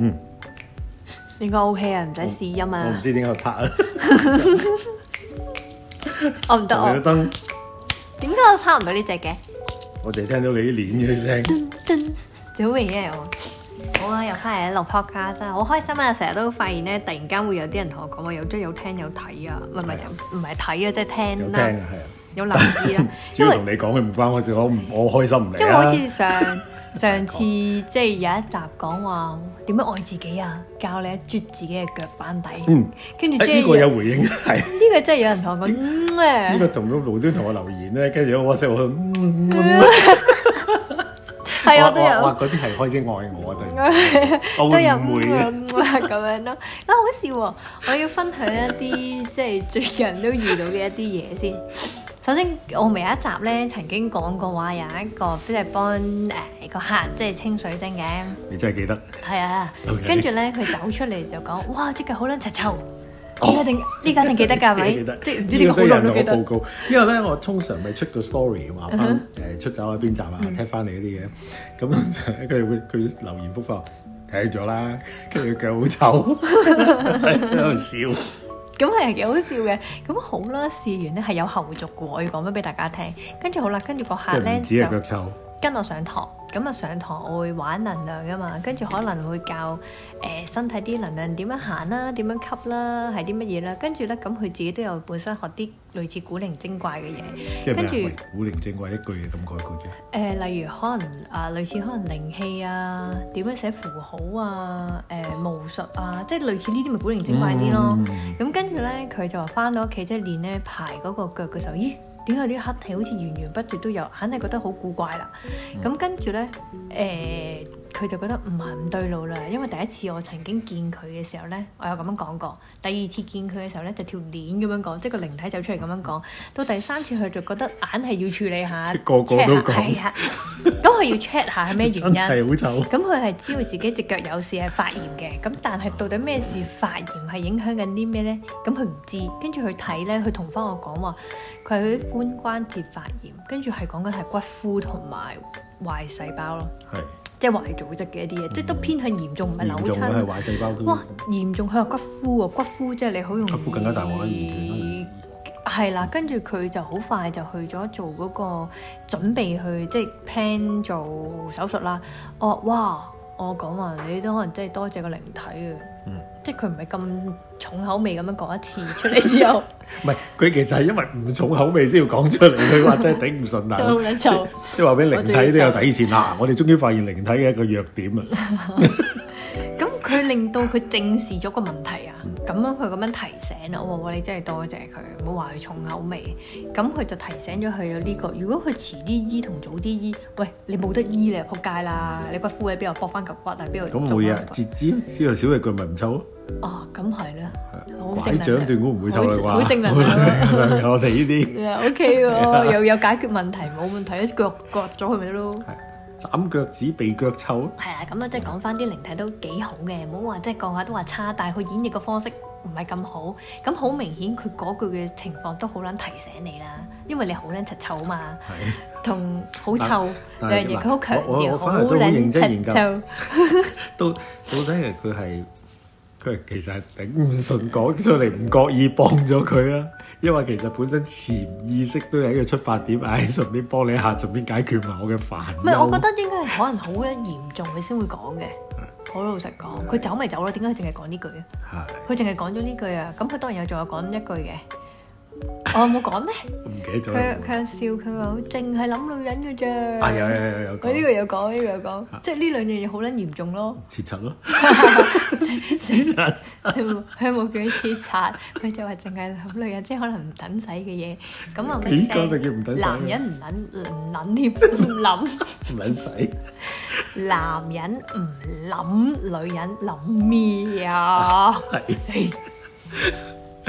嗯，應該 OK 啊，唔使試音啊嘛、嗯。我唔知點解 我拍啊行， 我唔得我。點解我差唔到呢隻嘅？我淨聽到你啲鏈嘅聲。早啲嘅我，好啊，又翻嚟錄 p o d c a s t 係、啊、好開心啊！成日都發現咧，突然間會有啲人同我講，我有即係有聽有睇啊，唔係唔係睇啊，即係聽啦、啊。有聽啊係啊，有留意啦、啊。主 要同你講，嘅唔為關我事，我唔我開心唔、啊、因為我好似上。 上次即係有一集講話點樣愛自己啊，教你捽自己嘅腳板底。嗯，跟住即係呢個有回應，係呢個真係有人同我講咩？呢、呢個同咗無端同我留言咧，跟住我成日去。係我都有。嗰啲係開始愛我啊，都有人會咁樣咯。啊，好笑、哦！我要分享一啲即係最近都遇到嘅一啲嘢先。首先，澳門有一集咧，曾經講過話有一個菲律賓誒個客即係清水蒸嘅，你真係記得？係啊，跟住咧佢走出嚟就講：哇，隻腳好撚柒臭！呢家定呢家定記得㗎，係咪？記得，即係唔知你好耐都記得報告。因為咧，我通常咪出個 story，話返誒出走喺邊集啊踢翻嚟嗰啲嘢，咁通常佢哋會佢留言復翻，睇咗啦，跟住腳好臭，喺度笑。咁係幾好笑嘅，咁、嗯、好啦，試完咧係有後續嘅，我要講返俾大家聽，跟住好啦，跟住個客咧就。跟我上堂，咁啊上堂我會玩能量啊嘛，跟住可能會教誒、呃、身體啲能量點樣行啦，點樣吸啦、啊，係啲乜嘢啦，跟住咧咁佢自己都有本身學啲類似古靈精怪嘅嘢，即係跟住古靈精怪一句嘢咁概括啫。誒、呃，例如可能啊、呃，類似可能靈氣啊，點、呃、樣寫符號啊，誒、呃，巫術啊，即係類似呢啲咪古靈精怪啲咯。咁、嗯嗯嗯嗯嗯、跟住咧，佢就話返到屋企即係練呢排嗰個腳嘅時候，咦？點解啲黑氣好似源源不絕都有？肯定覺得好古怪啦！咁跟住咧，誒。呃佢就覺得唔係唔對路啦，因為第一次我曾經見佢嘅時候呢，我有咁樣講過；第二次見佢嘅時候呢，就條鏈咁樣講，即係個靈體走出嚟咁樣講；到第三次佢就覺得硬係要處理下，個個下都講說、哎呀，係啊，咁佢要 check 下係咩原因？咁佢係知道自己隻腳有事係發炎嘅，咁但係到底咩事發炎係影響緊啲咩呢？咁佢唔知，跟住佢睇呢，佢同翻我講話，佢係佢啲髖關節發炎，跟住係講緊係骨膚同埋。壞細胞咯，係是即係壞組織嘅一啲嘢，嗯、即係都偏向嚴重，唔係扭親。嚴重會係壞細胞哇！嚴重佢話骨膚喎，骨膚即係你好容易。骨膚更加大鑊啦，軟斷啦。係啦，跟住佢就好快就去咗做嗰個準備去即係 plan 做手術啦。我話哇，我講話你都可能真係多謝個靈體啊。即係佢唔係咁重口味咁樣講一次出嚟之後， 唔係佢其實係因為唔重口味先要講出嚟，佢話真係頂唔順，難 醜即係話俾靈體都有底線啦、啊。我哋終於發現靈體嘅一個弱點啊！ 佢令到佢正視咗個問題啊，咁樣佢咁樣提醒啊，我話喂你真係多謝佢，唔好話佢重口味。咁佢就提醒咗佢有呢個，如果佢遲啲醫同早啲醫，喂你冇得醫你，仆街啦！你骨枯喺邊度卜翻嚿骨喺邊度？咁冇啊，截肢之後小臂腳咪唔臭咯？哦，咁係啦，好正能量，長斷估唔會臭嘅話，好正能量。有我哋呢啲，OK 喎，又有解決問題冇問題，腳割咗佢咪得咯。斬腳趾鼻腳臭？係啊，咁啊，即係講返啲靈體都幾好嘅，唔好話即係個個都話差，但係佢演繹嘅方式唔係咁好。咁好明顯，佢嗰句嘅情況都好撚提醒你啦，因為你好撚柒臭啊嘛，同好臭兩樣嘢，佢好強調，好撚柒臭。到到底係佢係。佢其實係頂唔順講出嚟，唔覺意幫咗佢啊。因為其實本身潛意識都有一個出發點，唉，順便幫你一下，順便解決埋我嘅煩。唔係，我覺得應該係可能好嚴重，佢先會講嘅。好老實講，佢的走咪走咯，點解佢淨係講呢句啊？佢淨係講咗呢句啊，咁佢當然有仲有講一句嘅。我有冇講咧？唔記得咗，佢佢笑，佢話淨係諗女人嘅啫。啊，有有有有，佢呢個又講，呢個又講，即係呢兩樣嘢好捻嚴重咯。切擦咯，切切擦，佢冇叫切擦，佢就話淨係諗女人，即係可能唔等使嘅嘢。咁啊咩？點講就叫唔等使？男人唔諗唔諗添諗唔等使。男人唔諗女人諗咩啊？係。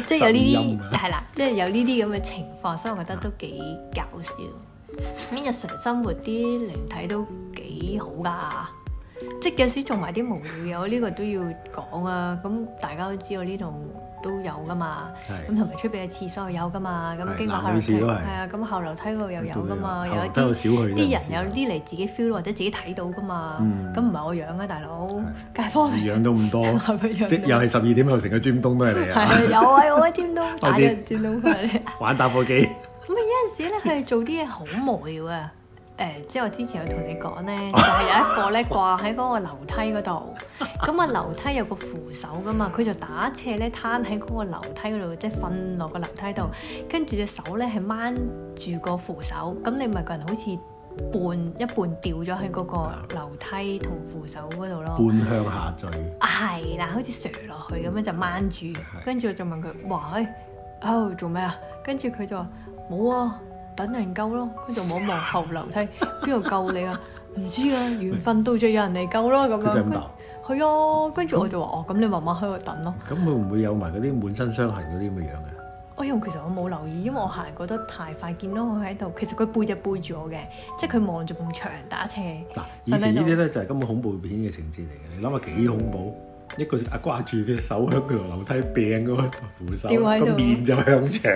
即係有呢啲係啦，即係有呢啲咁嘅情況，所以我覺得都幾搞笑。咁、嗯、日常生活啲靈體都幾好㗎，啊。即有時做埋啲無聊嘢，我呢個都要講啊！咁大家都知道呢度都有噶嘛，咁同埋出邊嘅廁所又有噶嘛，咁經過後樓梯，係啊，咁後樓梯嗰度又有噶嘛，有啲啲人有啲嚟自己 feel 或者自己睇到噶嘛，咁唔係我養啊大佬，街坊。養到咁多，即又係十二點又成個尖東都係你啊！有啊有啊，尖東假日尖東玩打火機。咁有陣時咧，佢哋做啲嘢好無聊啊！誒、呃，即係我之前有同你講咧， 就係有一個咧掛喺嗰個樓梯嗰度，咁啊 樓梯有個扶手噶嘛，佢就打斜咧攤喺嗰個樓梯嗰度，即係瞓落個樓梯度，跟住隻手咧係掹住個扶手，咁你咪個人好似半一半掉咗喺嗰個樓梯同扶手嗰度咯，半向下墜啊，係啦，好似垂落去咁樣就掹住，跟住我就問佢，喂，誒、哎，哎哎哦、啊，做咩啊？跟住佢就話冇啊。等人救咯，跟住望一望後樓梯，邊度救你啊？唔知啊，緣分到咗有人嚟救咯咁樣。係啊，跟住我就話哦，咁你慢慢喺度等咯。咁佢會唔會有埋嗰啲滿身傷痕嗰啲咁樣嘅？哎呀，其實我冇留意，因為我行過得太快，見到佢喺度。其實佢背脊背住我嘅，即係佢望住埲牆打斜。嗱，以前呢啲咧就係根本恐怖片嘅情節嚟嘅，你諗下幾恐怖？一個阿掛住嘅手喺條樓梯掟嗰個扶手，個面就向牆。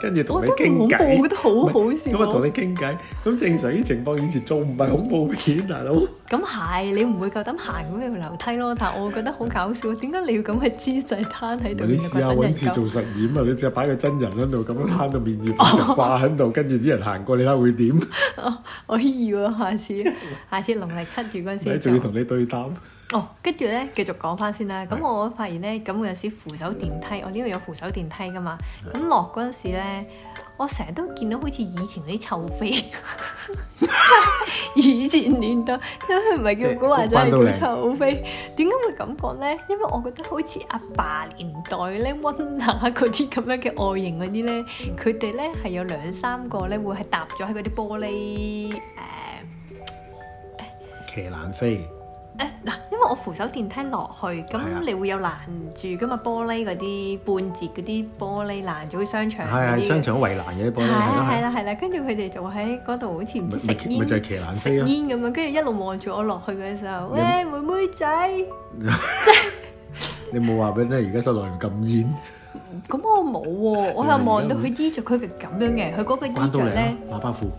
跟住同你傾偈，我覺得好好笑。咁我同你傾偈。咁正常啲情況以前做唔係恐怖片，大佬。咁係你唔會夠膽行嗰啲樓梯咯，但係我覺得好搞笑。點解你要咁嘅姿勢攤喺度？你試下揾次做實驗啊！你只係擺個真人喺度咁樣攤到面就掛喺度，跟住啲人行過，你睇下會點？我要啊，下次，下次農曆七月嗰陣時。你仲要同你對談？哦，跟住咧，繼續講翻先啦。咁、嗯、我發現咧，咁我有時扶手電梯，嗯、我呢度有扶手電梯噶嘛。咁落嗰陣時咧，我成日都見到好似以前嗰啲臭飛。 以前年代，因、那個、即真佢唔係叫古惑仔，係叫臭飛。點解會咁講咧？因為我覺得好似阿爸年代咧，溫拿嗰啲咁樣嘅外形嗰啲咧，佢哋咧係有兩三個咧會係搭咗喺嗰啲玻璃誒、呃、騎欄飛。誒嗱，因為我扶手電梯落去，咁你會有攔住噶嘛？玻璃嗰啲半截嗰啲玻璃欄，做啲商場，係係商場圍欄嘅玻璃。係啦係啦，跟住佢哋就喺嗰度，好似唔食煙，咪就係騎欄飛煙咁樣。跟住一路望住我落去嘅時候，喂妹妹仔，即係你冇話俾咧，而家室內唔禁煙。咁我冇喎，我又望到佢衣着佢係咁樣嘅，佢嗰個衣着咧，喇叭褲。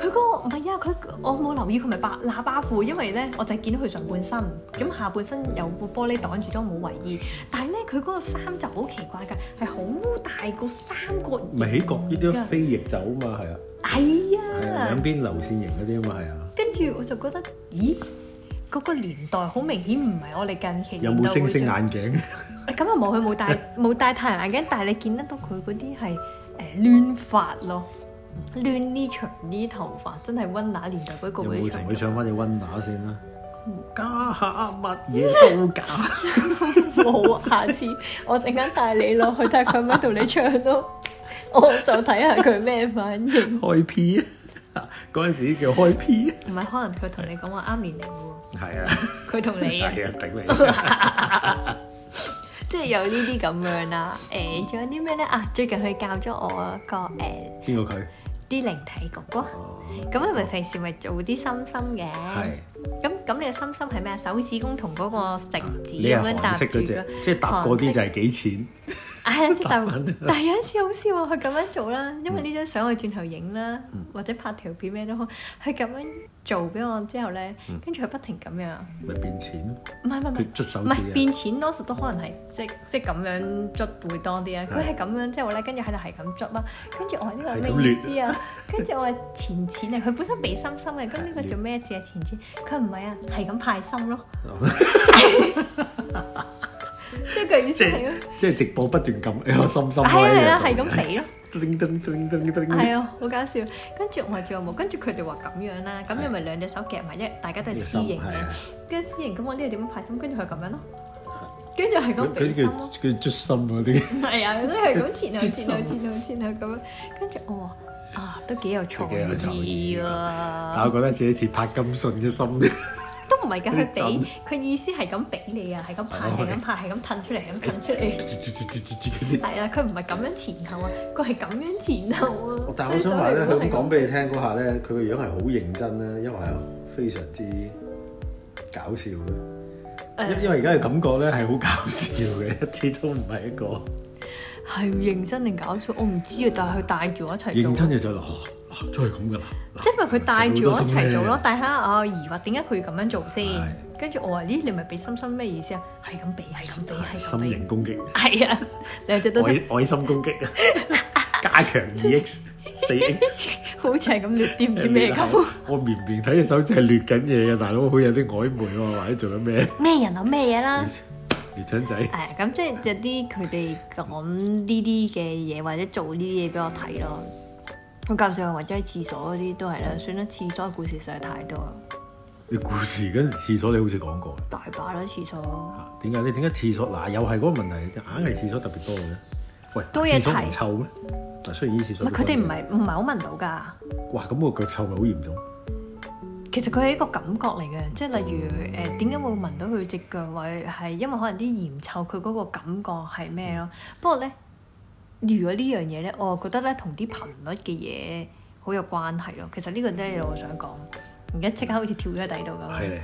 佢嗰、那個唔係啊！佢，我冇留意佢，咪白喇叭褲。因為咧我就係見到佢上半身，咁下半身有個玻璃擋住咗冇圍意。但係咧佢嗰個衫就好奇怪㗎，係好大三個三角，唔係起角嗰啲飛翼走啊嘛，係啊，係啊、哎呀哎，兩邊流線型嗰啲啊嘛，係啊，跟住我就覺得咦，嗰、那個年代好明顯唔係我哋近期。有冇星星眼鏡？咁又冇，佢冇戴冇戴太陽眼鏡，但係你見得到佢嗰啲係誒亂髮咯。呃呃呃呃呃呃亂呢長呢頭髮真係溫拿年代嗰個位，又會同佢唱翻隻溫拿先啦。家、嗯、下乜嘢都假，冇 下次我帶下。我陣間帶你落去睇下佢咪同你唱咯，我就睇下佢咩反應。開 P 啊，嗰陣時叫開 P 啊。唔係可能佢同你講話啱年齡嘅喎。係啊。佢同你。係啊，頂你。即係有呢啲咁樣啦。誒，仲有啲咩咧？啊，最近佢教咗我啊。個、欸、誒。邊個佢？啲靈體哥哥，咁你咪平時咪做啲心心嘅？咁咁你嘅心心係咩啊？手指公同嗰個食指咁樣搭住嘅，即係搭嗰啲就係幾錢？係啊，隻豆。但有一次好笑，佢咁樣做啦，因為呢張相去轉頭影啦，或者拍條片咩都好，佢咁樣做俾我之後咧，跟住佢不停咁樣，咪變錢咯。唔係唔係唔係捽手指，唔係變錢，多數都可能係即係即係咁樣捽會多啲啊。佢係咁樣即係話咧，跟住喺度係咁捽啦，跟住我呢個咩意思啊？跟住我話錢錢啊，佢本身俾心心嘅，咁呢個做咩事啊？錢錢。佢唔係啊，係咁派心咯，即係即係直播不斷撳，又心心喎，係啊係啊係咁俾咯，係啊好搞笑。跟住我仲有冇？跟住佢哋話咁樣啦，咁又咪兩隻手夾埋，一大家都係私營嘅，跟住私營咁話呢個點樣派心？跟住係咁樣咯，跟住係咁俾心咯，叫出心嗰啲，係啊都係咁前兩前兩前兩前兩咁，跟住哦。啊，都幾有創意啊！意但我覺得自己似柏金信嘅心，都唔係㗎。佢俾佢，意思係咁俾你啊，係咁拍，係咁拍，係咁褪出嚟，係咁褪出嚟。係啊，佢唔係咁樣前後啊，佢係咁樣前後啊。但係我想話咧，佢咁講俾你聽嗰下咧，佢個 樣係好認真啦，因為非常之搞笑嘅。因因為而家嘅感覺咧係好搞笑嘅，一啲都唔係一個。係認真定搞笑，我唔知啊，但係佢帶住我一齊做。認真嘅就係哦，真係咁噶啦。即係佢帶住我一齊做咯。但係下，我疑惑點解佢要咁樣做先？跟住我話：咦你咪俾心心咩意思啊？係咁俾，係咁俾，係咁俾。心型攻擊。係啊，兩隻都得。愛心攻擊啊！加強二 X 四 X，好似係咁跌跌唔知咩咁。我明明睇隻手指係虐緊嘢嘅大佬，好似有啲曖昧喎，或者做緊咩？咩人諗咩嘢啦？僆月仔、 哎，係啊，咁即係有啲佢哋講呢啲嘅嘢，或者做呢啲嘢俾我睇咯。我瞓上或者喺廁所嗰啲都係啦。嗯、算啦，廁所嘅故事實在太多。啲故事陣時廁所你好似講過，大把啦廁所。點解、啊？你點解廁所嗱、啊、又係嗰個問題？硬係廁所特別多嘅。都喂，廁所唔臭咩？但、啊、雖然呢廁所，佢哋唔係唔係好聞到㗎。哇！咁、嗰個腳臭咪好嚴重。其實佢係一個感覺嚟嘅，即係例如誒點解會聞到佢隻腳位，係因為可能啲鹽臭，佢嗰個感覺係咩咯？不過咧，如果呢樣嘢咧，我覺得咧同啲頻率嘅嘢好有關係咯。其實呢個真係我想講，而家即刻好似跳咗喺第度咁。係的，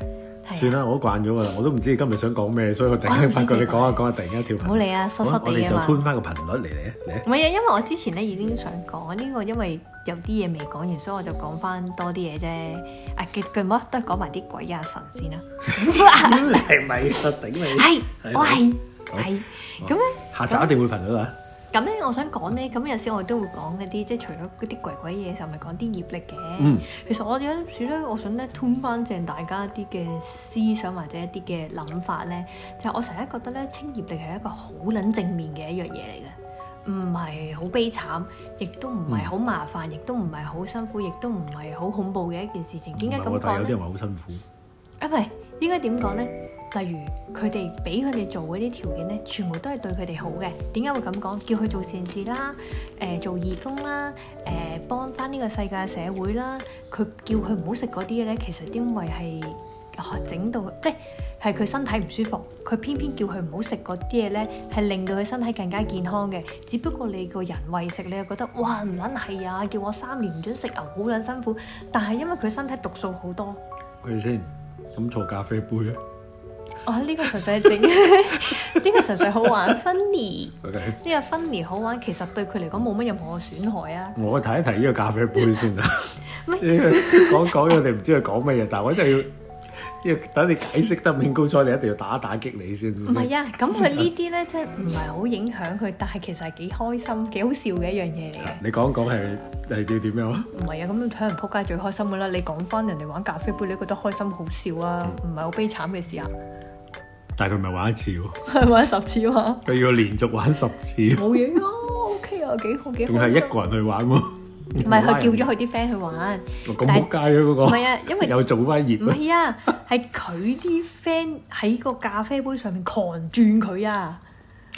的算啦，我都慣咗喇，我都唔知今日想講咩，所以我突然間發覺你講吓講吓，突然間跳頻。唔好嚟啊，濕濕地啊嘛。我哋就推翻個頻率嚟嚟啊嚟。唔係因為我之前咧已經想講呢個，因為。有啲嘢未講完，所以我就講翻多啲嘢啫。啊，嘅，唔好都係講埋啲鬼啊神仙啦。你係咪啊？頂你係，我係係。咁咧，下集一定會拍到啦。咁咧、哦，我想講咧，咁有時我都會講嗰啲，即係除咗嗰啲鬼鬼嘢，就咪講啲業力嘅。嗯、其實我點樣算咧？我想咧，吞翻正大家一啲嘅思想或者一啲嘅諗法咧，就係、我成日覺得咧，清業力係一個好撚正面嘅一樣嘢嚟嘅。唔係好悲慘，亦都唔係好麻煩，亦都唔係好辛苦，亦都唔係好恐怖嘅一件事情。情點解咁講呢？有啲人話好辛苦。啊，唔係應該點講呢？例如佢哋俾佢哋做嗰啲條件呢，全部都係對佢哋好嘅。點解會咁講？叫佢做善事啦，誒做義工啦，誒、呃、幫返呢個世界社會啦。佢叫佢唔好食嗰啲嘢呢，其實因為係學、啊、整到誒。即係係佢身體唔舒服，佢偏偏叫佢唔好食嗰啲嘢咧，係令到佢身體更加健康嘅。只不過你個人喂食，你又覺得哇唔捻係啊，叫我三年唔准食牛好捻辛苦。但係因為佢身體毒素好多，佢先咁坐咖啡杯咧。哦，呢個純粹係整，呢 個純粹好玩 funny 呢個 funny 好玩，其實對佢嚟講冇乜任何嘅損害啊。Okay. 我睇一睇呢個咖啡杯先啦。講講我哋唔知佢講乜嘢，但係我真係要。要等你解釋得明高彩， 你一定要打打擊你先。唔係啊，咁佢呢啲咧，即係唔係好影響佢，但係其實係幾開心、幾好笑嘅一樣嘢嚟嘅。你講講係係叫點樣 啊？唔係啊，咁睇人撲街最開心噶啦！你講翻人哋玩咖啡杯，你覺得開心好笑啊？唔係好悲慘嘅事啊？但係佢唔係玩一次喎，啊，係玩十次喎。佢要連續玩十次。冇嘢喎，OK 啊，幾好幾好。仲係一個人去玩啊？ 唔係佢叫咗佢啲 friend 去玩，咁仆街啊嗰、嗰個！唔係 啊，因為又做翻業唔係啊，係佢啲 friend 喺個咖啡杯上面狂轉佢啊！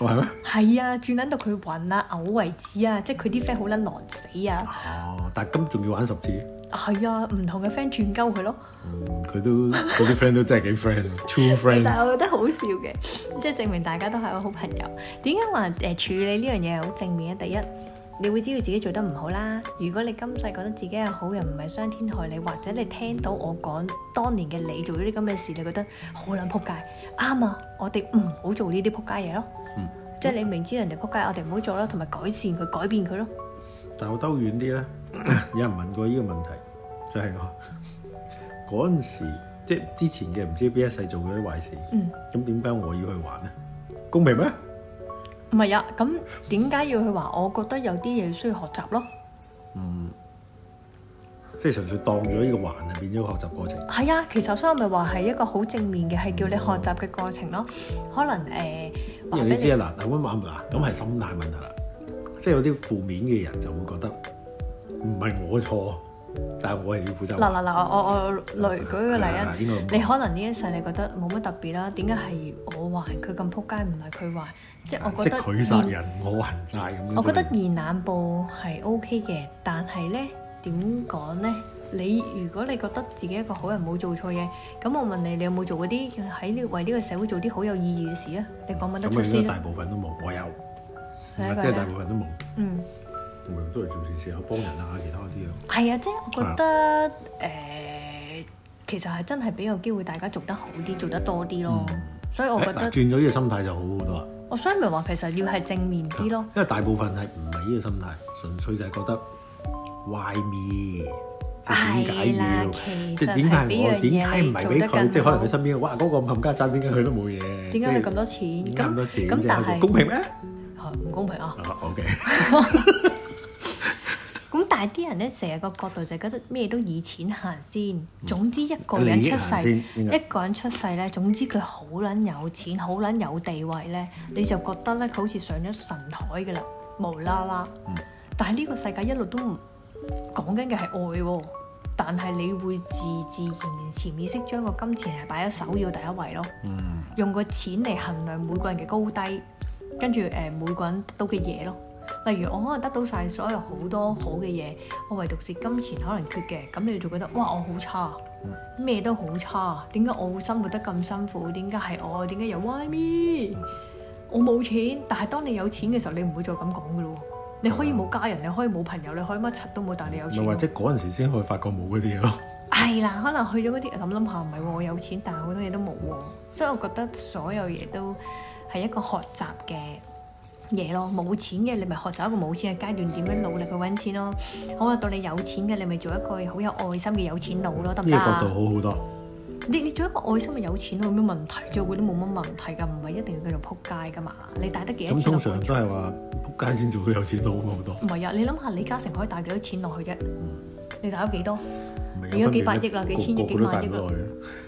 哦，係咩？係啊，轉撚到佢暈啊、嘔為止啊，即係佢啲 friend 好撚狼死啊、嗯！哦，但係今仲要玩十次？係 啊，唔同嘅 friend 轉鳩佢咯。嗯，佢都嗰啲 friend 都真係幾 friend 啊 ，true friend。但係我覺得好笑嘅，即係證明大家都係個好朋友。點解話誒處理呢樣嘢係好正面啊？第一。你會知道自己做得唔好啦。如果你今世覺得自己係好人，唔係傷天害理，或者你聽到我講當年嘅你做咗啲咁嘅事，你覺得好撚撲街，啱啊、嗯！我哋唔好做呢啲撲街嘢咯。嗯、即係你明知人哋撲街，我哋唔好做咯，同埋改善佢、改變佢咯。但我兜遠啲啦，有人問過呢個問題，就係、是、我嗰 時即係之前嘅唔知邊一世做咗啲壞事，咁點解我要去還呢？公平咩？唔係啊，咁點解要去話？我覺得有啲嘢需要學習咯。嗯，即係純粹當咗呢個環啊，變咗學習過程。係啊，其實所以我咪話係一個好正面嘅，係叫你學習嘅過程咯。嗯、可能誒，呃、你知你啊，嗱，兩碗飯啊，咁係心態問題啦。嗯、即係有啲負面嘅人就會覺得唔係我錯。但係我係要負責。嗱嗱嗱，我我我。舉個例啊，你可能呢一世你覺得冇乜特別啦，點解係我還佢咁扑街？唔係佢還，即係我覺得。佢殺人，我還債咁樣。我覺得義難報係 OK 嘅，但係咧點講咧？你如果你覺得自己一個好人冇做錯嘢，咁我問你，你有冇做嗰啲喺為呢個社會做啲好有意義嘅事啊？你講唔得出先咧？嗯嗯、大部分都冇，我有，唔、 即係、大部分都冇。 嗯。都係做善事，有幫人啊，其他嗰啲啊。係啊，即係我覺得誒，其實係真係俾個機會，大家做得好啲，做得多啲咯。所以我覺得轉咗呢個心態就好好多啊。我所以咪話其實要係正面啲咯。因為大部分係唔係呢個心態，純粹就係覺得壞面，即係點解要？即係點解我點解唔係俾佢？即係可能佢身邊哇，嗰個冚家鏟，點解佢都冇嘢？點解佢咁多錢？咁咁但係公平咩？唔公平啊！OK。咁但係啲人咧，成日個角度就覺得咩都以錢行先，總之一個人出世，一個人出世咧，總之佢好撚有錢，好撚有地位咧，你就覺得咧佢好似上咗神台噶啦，無啦啦。嗯、但係呢個世界一路都唔講緊嘅係愛、哦，但係你會自自然然潛意識將個金錢係擺喺首要第一位咯，嗯、用個錢嚟衡量每個人嘅高低，跟住誒、呃、每個人得到嘅嘢咯。例如我可能得到晒所有好多好嘅嘢，我唯獨是金錢可能缺嘅，咁你就覺得哇我好差，咩都好差，點解我會生活得咁辛苦？點解係我？點解有 why me？我冇錢，但係當你有錢嘅時候，你唔會再咁講㗎咯。你可以冇家人，你可以冇朋友，你可以乜柒都冇，但係你有錢。又或者嗰陣時先可以發覺冇嗰啲嘢咯。係啦， 可能去咗嗰啲諗諗下，唔係喎，我有錢，但係好多嘢都冇喎。所以，我覺得所有嘢都係一個學習嘅。嘢咯，冇錢嘅你咪學習一個冇錢嘅階段，點樣努力去搵錢咯。好啦，到你有錢嘅你咪做一個好有愛心嘅有錢佬咯，得唔得？呢個角度好好多。你你做一個愛心嘅有錢佬，有咩問題？做嗰都冇乜問題㗎，唔係一定要繼續撲街㗎嘛。你帶得幾多錢？咁通常都係話撲街先做到有錢佬好多。唔係啊，你諗下李嘉誠可以帶幾多錢落去啫？你帶咗幾多？如果白幾百億啦，幾千億，幾，億幾千億、幾萬億啦。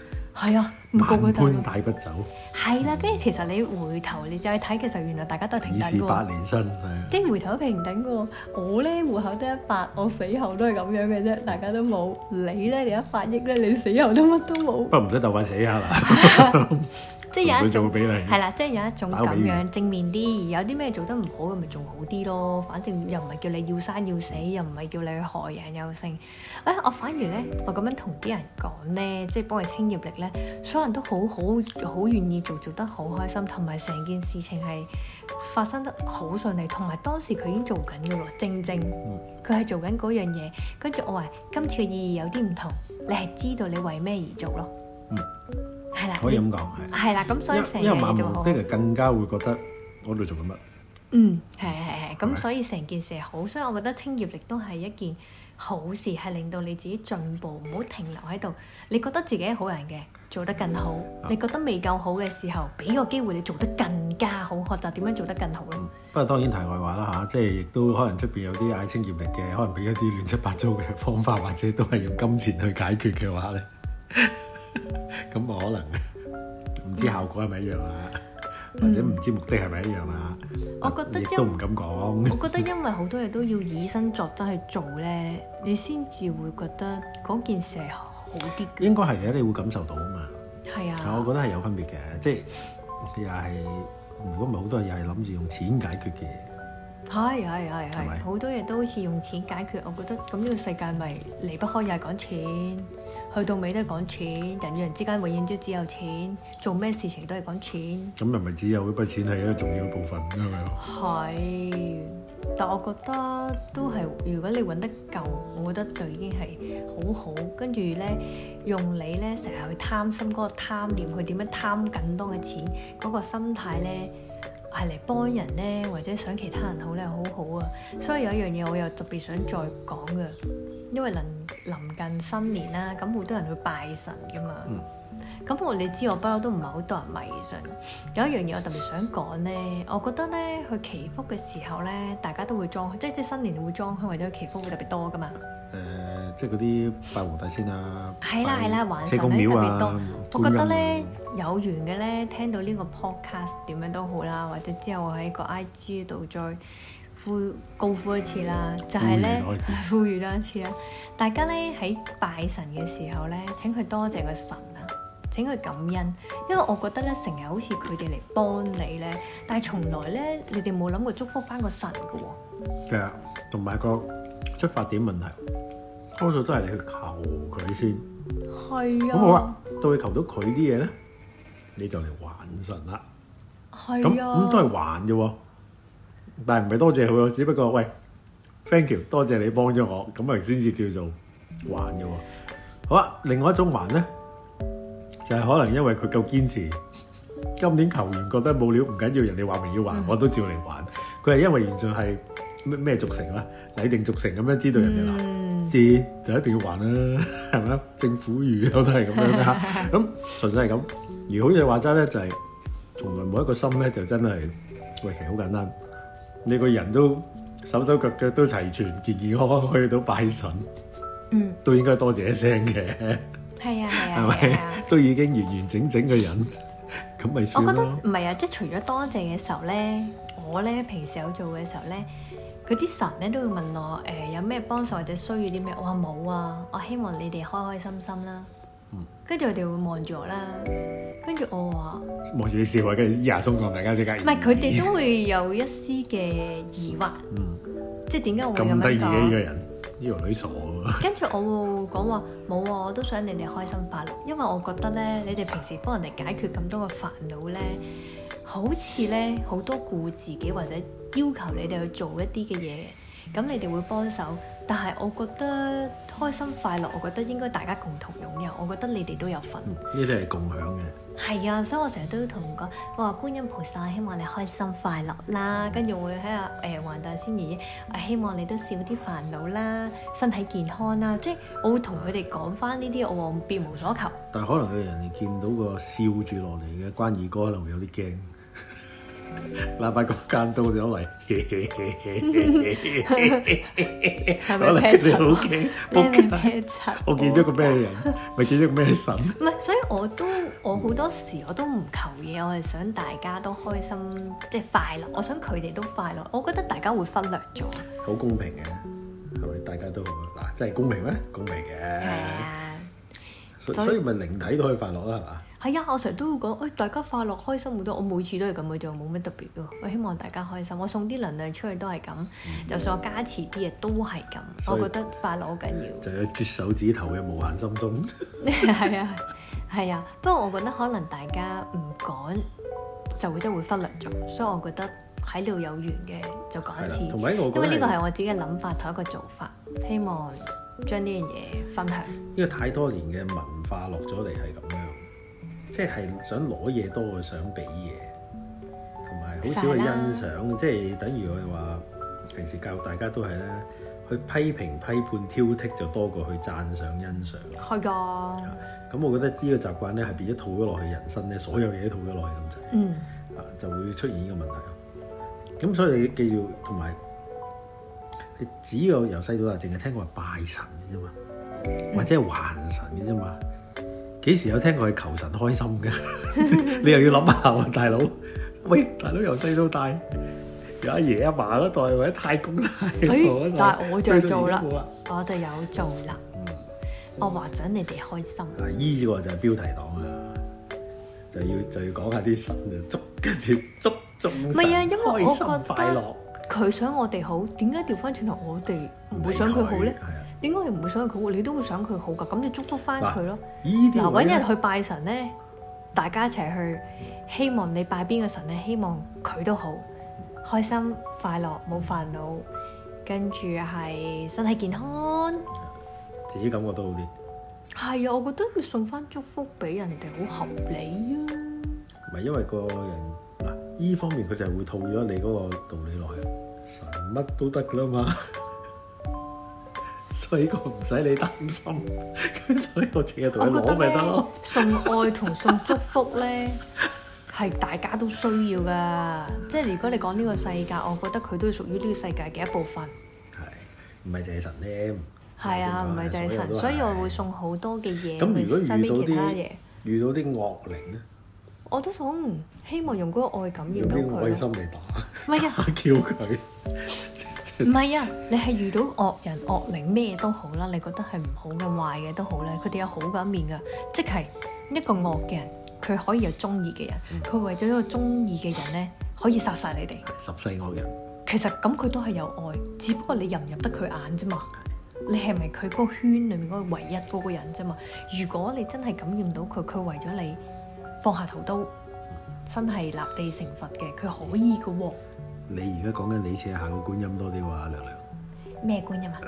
係啊，唔個個都。萬般帶不走。係啦，啊，跟住，嗯，其實你回頭你再睇嘅時候，原來大家都係平等嘅喎。已是百年身，係啊。啲回頭都平等嘅喎，我咧戶口得一百，我死後都係咁樣嘅啫，大家都冇。你咧你一百億咧，你死後都乜都冇。不過唔使鬥快死啊嘛！ 即係有一種係啦，即係有一種咁樣正面啲，有啲咩做得唔好嘅咪仲好啲咯。反正又唔係叫你要生要死，又唔係叫你去害人有成。誒、哎，我反而咧，我咁樣同啲人講咧，即係幫佢清業力咧，所有人都好好好願意做，做得好開心，同埋成件事情係發生得好順利，同埋當時佢已經做緊嘅咯，正正佢係做緊嗰樣嘢。跟住、嗯、我話今次嘅意義有啲唔同，你係知道你為咩而做咯。嗯。係啦，可以咁講，係。係啦，咁所以成日做。因為盲目咧，就更加會覺得我喺度做緊乜？嗯，係係係，咁所以成件事係好，所以我覺得清業力都係一件好事，係令到你自己進步，唔好停留喺度。你覺得自己係好人嘅，做得更好；你覺得未夠好嘅時候，俾個機會你做得更加好，學習點樣做得更好咯。不過當然題外話啦嚇，即係亦都可能出面有啲嗌清業力嘅，可能俾一啲亂七八糟嘅方法，或者都係用金錢去解決嘅話咧。咁 可能，唔知效果係咪一樣啊，嗯、或者唔知目的係咪一樣啊？我覺得都唔敢講。我覺得因為好多嘢都要以身作則去做咧，你先至會覺得嗰件事係好啲。應該係嘅，你會感受到啊嘛。係啊，但我覺得係有分別嘅，即係又係如果唔係好多嘢係諗住用錢解決嘅。係係係係，好多嘢都好似用錢解決。我覺得咁呢個世界咪離不開又係講錢。去到尾都係講錢，人與人之間永遠都只有錢，做咩事情都係講錢。咁又唔只有呢筆錢係一個重要部分，係咪？係，但我覺得都係，如果你揾得夠，我覺得就已經係好好。跟住呢，用你呢成日去貪心嗰個貪念，佢點樣貪更多嘅錢，嗰個心態呢。係嚟幫人呢，或者想其他人好咧，好好啊！所以有一樣嘢，我又特別想再講嘅，因為臨近新年啦、啊，咁好多人會拜神噶嘛。嗯咁我、嗯、你知我不嬲都唔係好多人迷信，有一樣嘢我特別想講咧，我覺得咧去祈福嘅時候咧，大家都會裝，即係即係新年會裝香，或者祈福會特別多噶嘛。誒、呃，即係嗰啲拜黃大仙啦、啊，係啦係啦，神廟多。我覺得咧、嗯、有緣嘅咧，聽到呢個 podcast 點樣都好啦，或者之後我喺個 I G 度再呼高呼一次啦，嗯、就係咧呼籲兩次啊！大家咧喺拜神嘅時候咧，請佢多謝個神。請佢感恩，因為我覺得咧，成日好似佢哋嚟幫你咧，但係從來咧，你哋冇諗過祝福返個神嘅喎、哦。同埋、嗯、個出發點問題，多數都係你去求佢先。係啊。好唔好啊？到你求到佢啲嘢咧，你就嚟還神啦。係啊。咁咁都係還嘅喎，但係唔係多謝佢喎，只不過喂，thank you，多謝你幫咗我，咁啊先至叫做還嘅喎。好啊，另外一種還咧。就係可能因為佢夠堅持，今年球員覺得冇料唔緊要，人哋話明要還，我都照嚟還。佢係、嗯、因為完全係咩咩俗成啦，禮定俗成咁樣知道人哋啦，借、嗯、就一定要還啦，係咪政府預約都係咁樣啦，咁、 嗯、純粹係咁。而好似話齋咧，就係、是、從來冇一個心咧，就真係喂，其實好簡單，你個人都手手腳腳都齊全，健健康康可以都拜神，嗯，都應該多謝一聲嘅。嗯 係啊係啊，啊，啊啊都已經完完整整個人，咁 咪算，我覺得唔係啊，即係除咗多謝嘅時候咧，我咧平時有做嘅時候咧，佢啲神咧都會問我誒、呃、有咩幫手，或者需要啲咩，我話冇啊，我希望你哋開開心心啦。跟住佢哋會望住我啦，跟住我話望住你笑啊，跟住一下鬆放大家即刻。唔係不，佢哋、嗯、都會有一絲嘅疑惑。嗯、即係點解我會咁得意嘅呢個人？呢個女傻㗎，跟住我會講話冇啊，我都想令你開心快樂，因為我覺得咧，你哋平時幫人哋解決咁多嘅煩惱咧，好似咧好多顧自己或者要求你哋去做一啲嘅嘢，咁你哋會幫手。但係，我覺得開心快樂，我覺得應該大家共同擁有。我覺得你哋都有份，呢啲係共享嘅。係啊，所以我成日都同佢講，我話觀音菩薩，希望你開心快樂啦。跟住、嗯、會喺、呃、啊誒黃大仙爺爺，希望你都少啲煩惱啦，身體健康啦。即係我會同佢哋講翻呢啲，嗯、我話別無所求。但係可能有人哋見到個笑住落嚟嘅關二哥，可能會有啲驚。攬埋個間刀咗嚟，我嚟佢哋屋企，屋企，我見到個咩人，咪見到個咩神。唔係，所以我都我好多時我都唔求嘢，我係想大家都開心，即係快樂。我想佢哋都快樂。我覺得大家會忽略咗。好公平嘅，係咪大家都好？嗱，真係公平咩？公平嘅。係啊。所以咪靈體都可以快樂啦，係嘛？係啊，我成日都會講，誒、哎、大家快樂開心好多。我每次都係咁去做，冇乜特別喎。我希望大家開心，我送啲能量出去都係咁，嗯、就算我加持啲嘢都係咁。以我覺得快樂好緊要。嗯、就有啜手指頭嘅無限心中。係啊係啊，不過我覺得可能大家唔講就會真係會忽略咗，所以我覺得喺度有緣嘅就講一次，同埋因為呢個係我自己嘅諗法同一個做法，希望將呢樣嘢分享。因為太多年嘅文化落咗嚟係咁樣。即係想攞嘢多過想俾嘢，同埋好少去欣賞，的即係等於我哋話，平時教育大家都係咧，去批評、批判、挑剔就多過去讚賞、欣賞。係噶的。咁、啊、我覺得呢個習慣咧，係變咗套咗落去人生咧，所有嘢都套咗落去咁就嗯。啊，就會出現呢個問題。咁所以你記住，同埋你只要由細到大，淨係聽講話拜神嘅啫嘛，或者係還神嘅啫嘛。嗯嗯幾時有聽過佢求神開心嘅？ 你又要諗下喎，大佬。喂，大佬由細到大，有阿爺阿嫲嗰代，或者太公太婆嗰代，哎、但我就做啦，我就有做啦。嗯嗯、我話想你哋開心。啊，依個就係標題黨啦，就要就要講下啲神，神啊，祝跟住祝眾生開心快樂。唔係呀，因為我覺得佢想我哋好，點解調翻轉頭我哋唔會想佢好咧？點解你唔會想佢好？你都會想佢好㗎，咁你祝福翻佢咯。嗱，揾日去拜神咧，大家一齊去，希望你拜邊個神咧，希望佢都好，開心快樂冇煩惱，跟住係身體健康、嗯，自己感覺都好啲。係啊，我覺得佢送翻祝福俾人哋好合理啊。唔係因為個人嗱，依、啊、方面佢就係會套咗你嗰個道理落去，神乜都得㗎啦嘛。我依個唔使你擔心，咁所以我成日同佢講咪得咯。送愛同送祝福咧，係大家都需要㗎。即係如果你講呢個世界，我覺得佢都係屬於呢個世界嘅一部分。係，唔係謝神添。係啊，唔係謝神，所以我會送好多嘅嘢去身邊其他嘢。遇到啲惡靈咧，我都送，希望用嗰個愛感染到佢。用啲鬼心嚟打。唔係啊！叫佢。唔係 啊，你係遇到惡人惡靈咩都好啦，你覺得係唔好嘅壞嘅都好啦。佢哋有好嘅一面噶，即係一個惡嘅人，佢可以有中意嘅人，佢為咗一個中意嘅人咧，可以殺晒你哋，十世惡人。其實咁佢都係有愛，只不過你入唔入得佢眼啫嘛，你係咪佢嗰個圈裏面嗰個唯一嗰個人啫嘛？如果你真係感染到佢，佢為咗你放下屠刀，真係立地成佛嘅，佢可以噶喎、哦。你而家講緊你似下個觀音多啲喎，娘娘，咩觀音啊？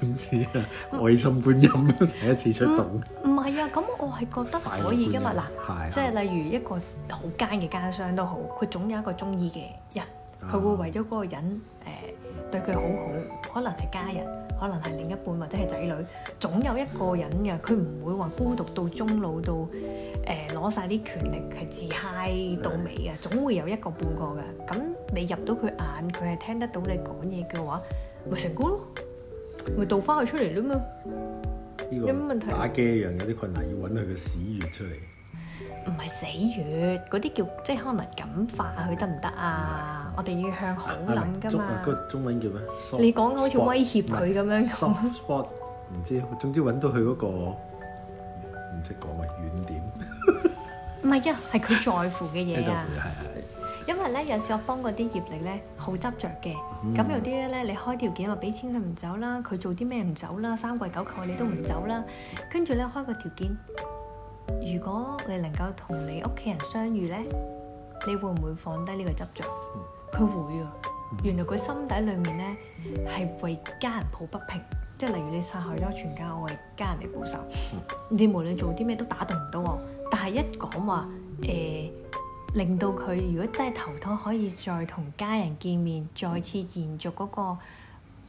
點知啊？愛心觀音，嗯、第一次出動。唔係、嗯、啊，咁我係覺得可以㗎嘛，嗱，即係例如一個好奸嘅奸商都好，佢總有一個中意嘅人，佢會為咗嗰個人誒，呃啊對佢好好，可能係家人，可能係另一半或者係仔女，總有一個人嘅，佢唔會話孤獨到中老到，誒攞晒啲權力係自 high 到尾嘅，總會有一個半個嘅。咁你入到佢眼，佢係聽得到你講嘢嘅話，咪成功咯，咪導翻佢出嚟啦嘛。呢個打機一樣有啲困難，要揾佢嘅死穴出嚟。唔係死穴，嗰啲叫即係可能感化佢得唔得啊？我哋要向好諗噶嘛。嗰個中文叫咩？你講嘅好似威脅佢咁樣講。唔知，總之揾到佢嗰個，唔識講啊，遠點。唔係啊，係佢在乎嘅嘢啊。在乎係係。因為咧，有時我幫過啲業力咧，好執著嘅。咁有啲咧，你開條件話俾錢佢唔走啦，佢做啲咩唔走啦，三跪九叩你都唔走啦，跟住咧開個條件。如果你能夠同你屋企人相遇呢，你會唔會放低呢個執着？佢、嗯、會啊！嗯、原來佢心底裏面呢，係為家人抱不平，即係例如你殺害咗全家，我為家人嚟報仇。嗯、你無論做啲咩都打動唔到我，但係一講話誒、呃，令到佢如果真係投胎可以再同家人見面，再次延續嗰個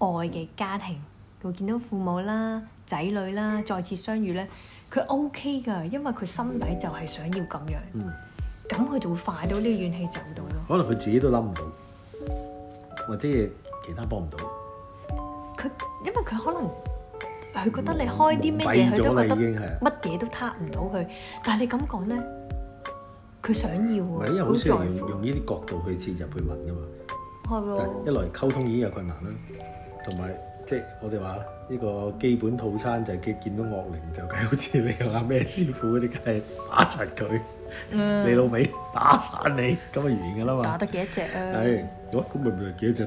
愛嘅家庭，會見到父母啦、仔女啦，再次相遇呢。佢 OK 㗎，因為佢心底就係想要咁樣，咁佢就會快到呢個怨氣走到咯。可能佢自己都諗唔到，或者其他幫唔到。佢因為佢可能佢覺得你開啲咩嘢，佢都覺得乜嘢都撻唔到佢。但係你咁講咧，佢想要啊，好在乎。唔係因為好少用用呢啲角度去切入去問㗎嘛。係喎，一來溝通已經有困難啦，同埋。即係我哋話呢個基本套餐就係見到惡靈就，好似你又話咩師傅，啲梗係打柒佢，你，嗯、老尾打散你，咁咪完㗎啦嘛。打得，打打得幾多隻啊？係，我咁咪咪幾多隻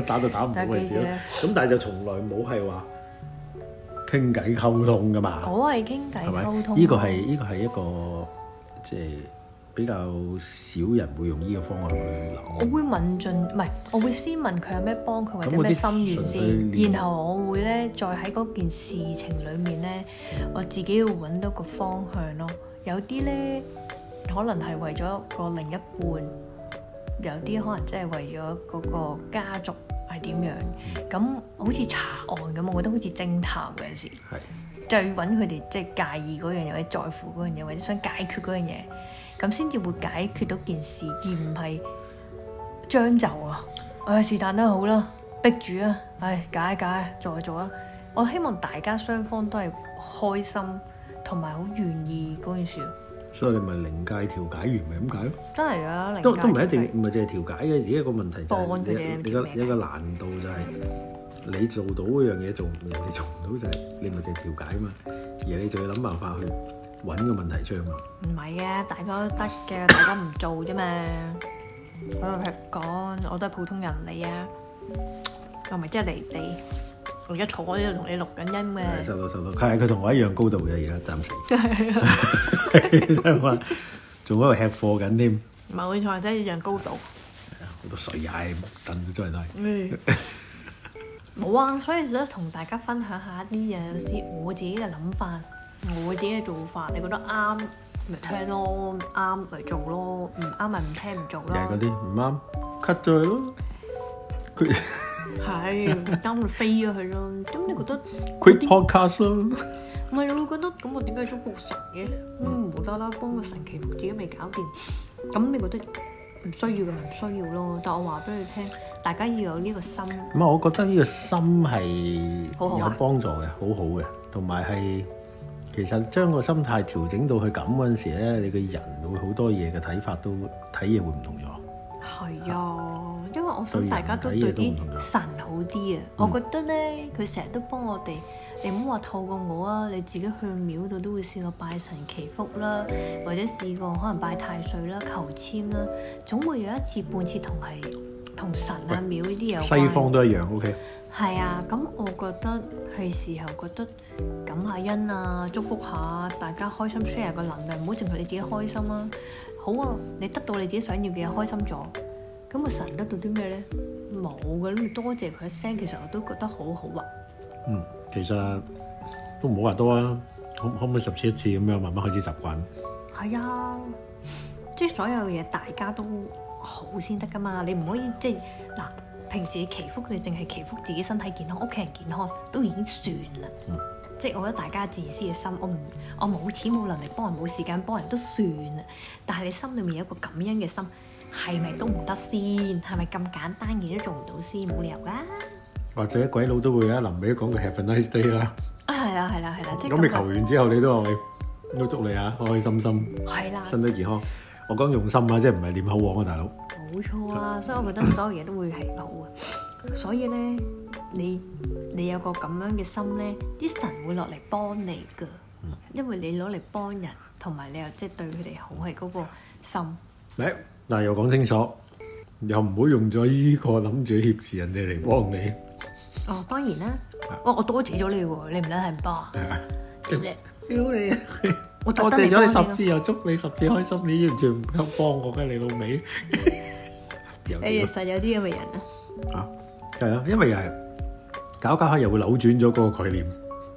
打？打到打唔好為止咯。咁但係就從來冇係話傾偈溝通㗎嘛。我係傾偈溝通。呢吧個係呢，呢個係一個即係。比較少人會用呢個方案去諗。我會問盡，唔係我會先問佢有咩幫佢，或者咩心願先，然後我會咧再喺嗰件事情裡面咧，我自己要揾到個方向咯。有啲咧可能係為咗個另一半，有啲可能即係為咗嗰個家族係點樣。咁、嗯、好似查案咁，我覺得好似偵探嗰陣時，就係揾佢哋即係介意嗰樣嘢，或者在乎嗰樣嘢，或者想解決嗰樣嘢。咁先至會解決到件事，而唔係將就啊！唉，是但都好啦，逼住啊！唉，解一解做一做啊！我希望大家雙方都係開心同埋好願意嗰件事。所以你咪靈界調解員咪咁解咯？真係啊！都都唔係一定唔係淨係調解嘅，而家一個問題，一個一個難度就係你做到嗰樣嘢，做你做唔到就係你咪淨係調解啊嘛，而你仲要諗辦法去。搵個問題出啊嘛！唔係啊，大家都得嘅，大家唔做啫嘛。喺度劈講，我都係普通人嚟啊，又唔係一嚟地。而家坐喺度同你錄緊音嘅。收到收到，係啊，佢同我一樣高度嘅，而家暫時。真係啊！仲喺度吃貨緊添。唔係，佢同我真係一樣高度。好多水蟹木凳都追嚟。嗯。冇啊，所以想同大家分享下一啲嘢，有時我自己嘅諗法。我自己嘅做法，你覺得啱咪聽咯，啱咪做咯，唔啱咪唔聽唔做咯。又係嗰啲唔啱，cut 咗佢咯。佢係，唔啱咪飛咗佢咯。咁你覺得佢 podcast 咯？唔係，你會覺得咁我點解做副食嘅？嗯，無啦啦幫個神奇服自己未搞掂，咁你覺得唔需要嘅咪唔需要咯。但我話俾你聽，大家要有呢個心。唔係，我覺得呢個心係有幫助嘅，好好嘅，同埋係。其實將個心態調整到去咁嗰陣時咧，你個人會好多嘢嘅睇法都睇嘢會唔同咗。係啊，因為我想大家都對啲神好啲啊。嗯、我覺得咧，佢成日都幫我哋，你唔好話透過我啊，你自己去廟度都會試過拜神祈福啦，或者試過可能拜太歲啦、求籤啦，總會有一次半次同係。同神啊廟呢啲有西方都一樣。O K、嗯。係 Okay. 啊，咁我覺得係時候覺得感下恩啊，祝福下大家，開心 share 個能量，唔好淨係你自己開心啦、啊。好啊，你得到你自己想要嘅嘢，開心咗，咁、個神得到啲咩咧？冇嘅，你多謝佢一聲，其實我都覺得好好啊。嗯，其實都唔好話多啊，可可唔可以十次一次咁樣慢慢開始習慣？係啊，即係所有嘢大家都。好先得噶嘛？你唔可以即係嗱，平時祈福佢哋淨係祈福自己身體健康，屋企人健康都已經算啦。即係我覺得大家自私嘅心，我唔，我冇錢冇能力幫人，冇時間幫人都算啦。但係你心裏面有一個咁樣嘅心，係咪都唔得先？係咪咁簡單嘅嘢都做唔到先？冇理由噶。或者鬼佬都會喺臨尾都講句 Have a nice day 啦。啊，係啦，係啦，係啦。咁你求完之後，你都話你都祝你呀開開心心，係啦，身體健康。我講用心啊，即係唔係念口簧啊，大佬。冇錯啊，所以我覺得所有嘢都會係好啊。 所以咧，你你有個咁樣嘅心咧，啲神會落嚟幫你噶。因為你攞嚟幫人，同埋你又即係對佢哋好，係嗰個心。嚟，嗱又講清楚，又唔好用咗依個諗住挾持人哋嚟幫你。哦，當然啦。是哦，我多謝咗你喎，你唔想唔幫？係咪吧？屌你、就是！屌你啊！我多謝咗你，你十次又祝你十次開心，你完全唔肯幫我嘅，你老味。誒 實有啲咁嘅人啊！係啊，啊，因為又係搞搞下又會扭轉咗嗰個概念。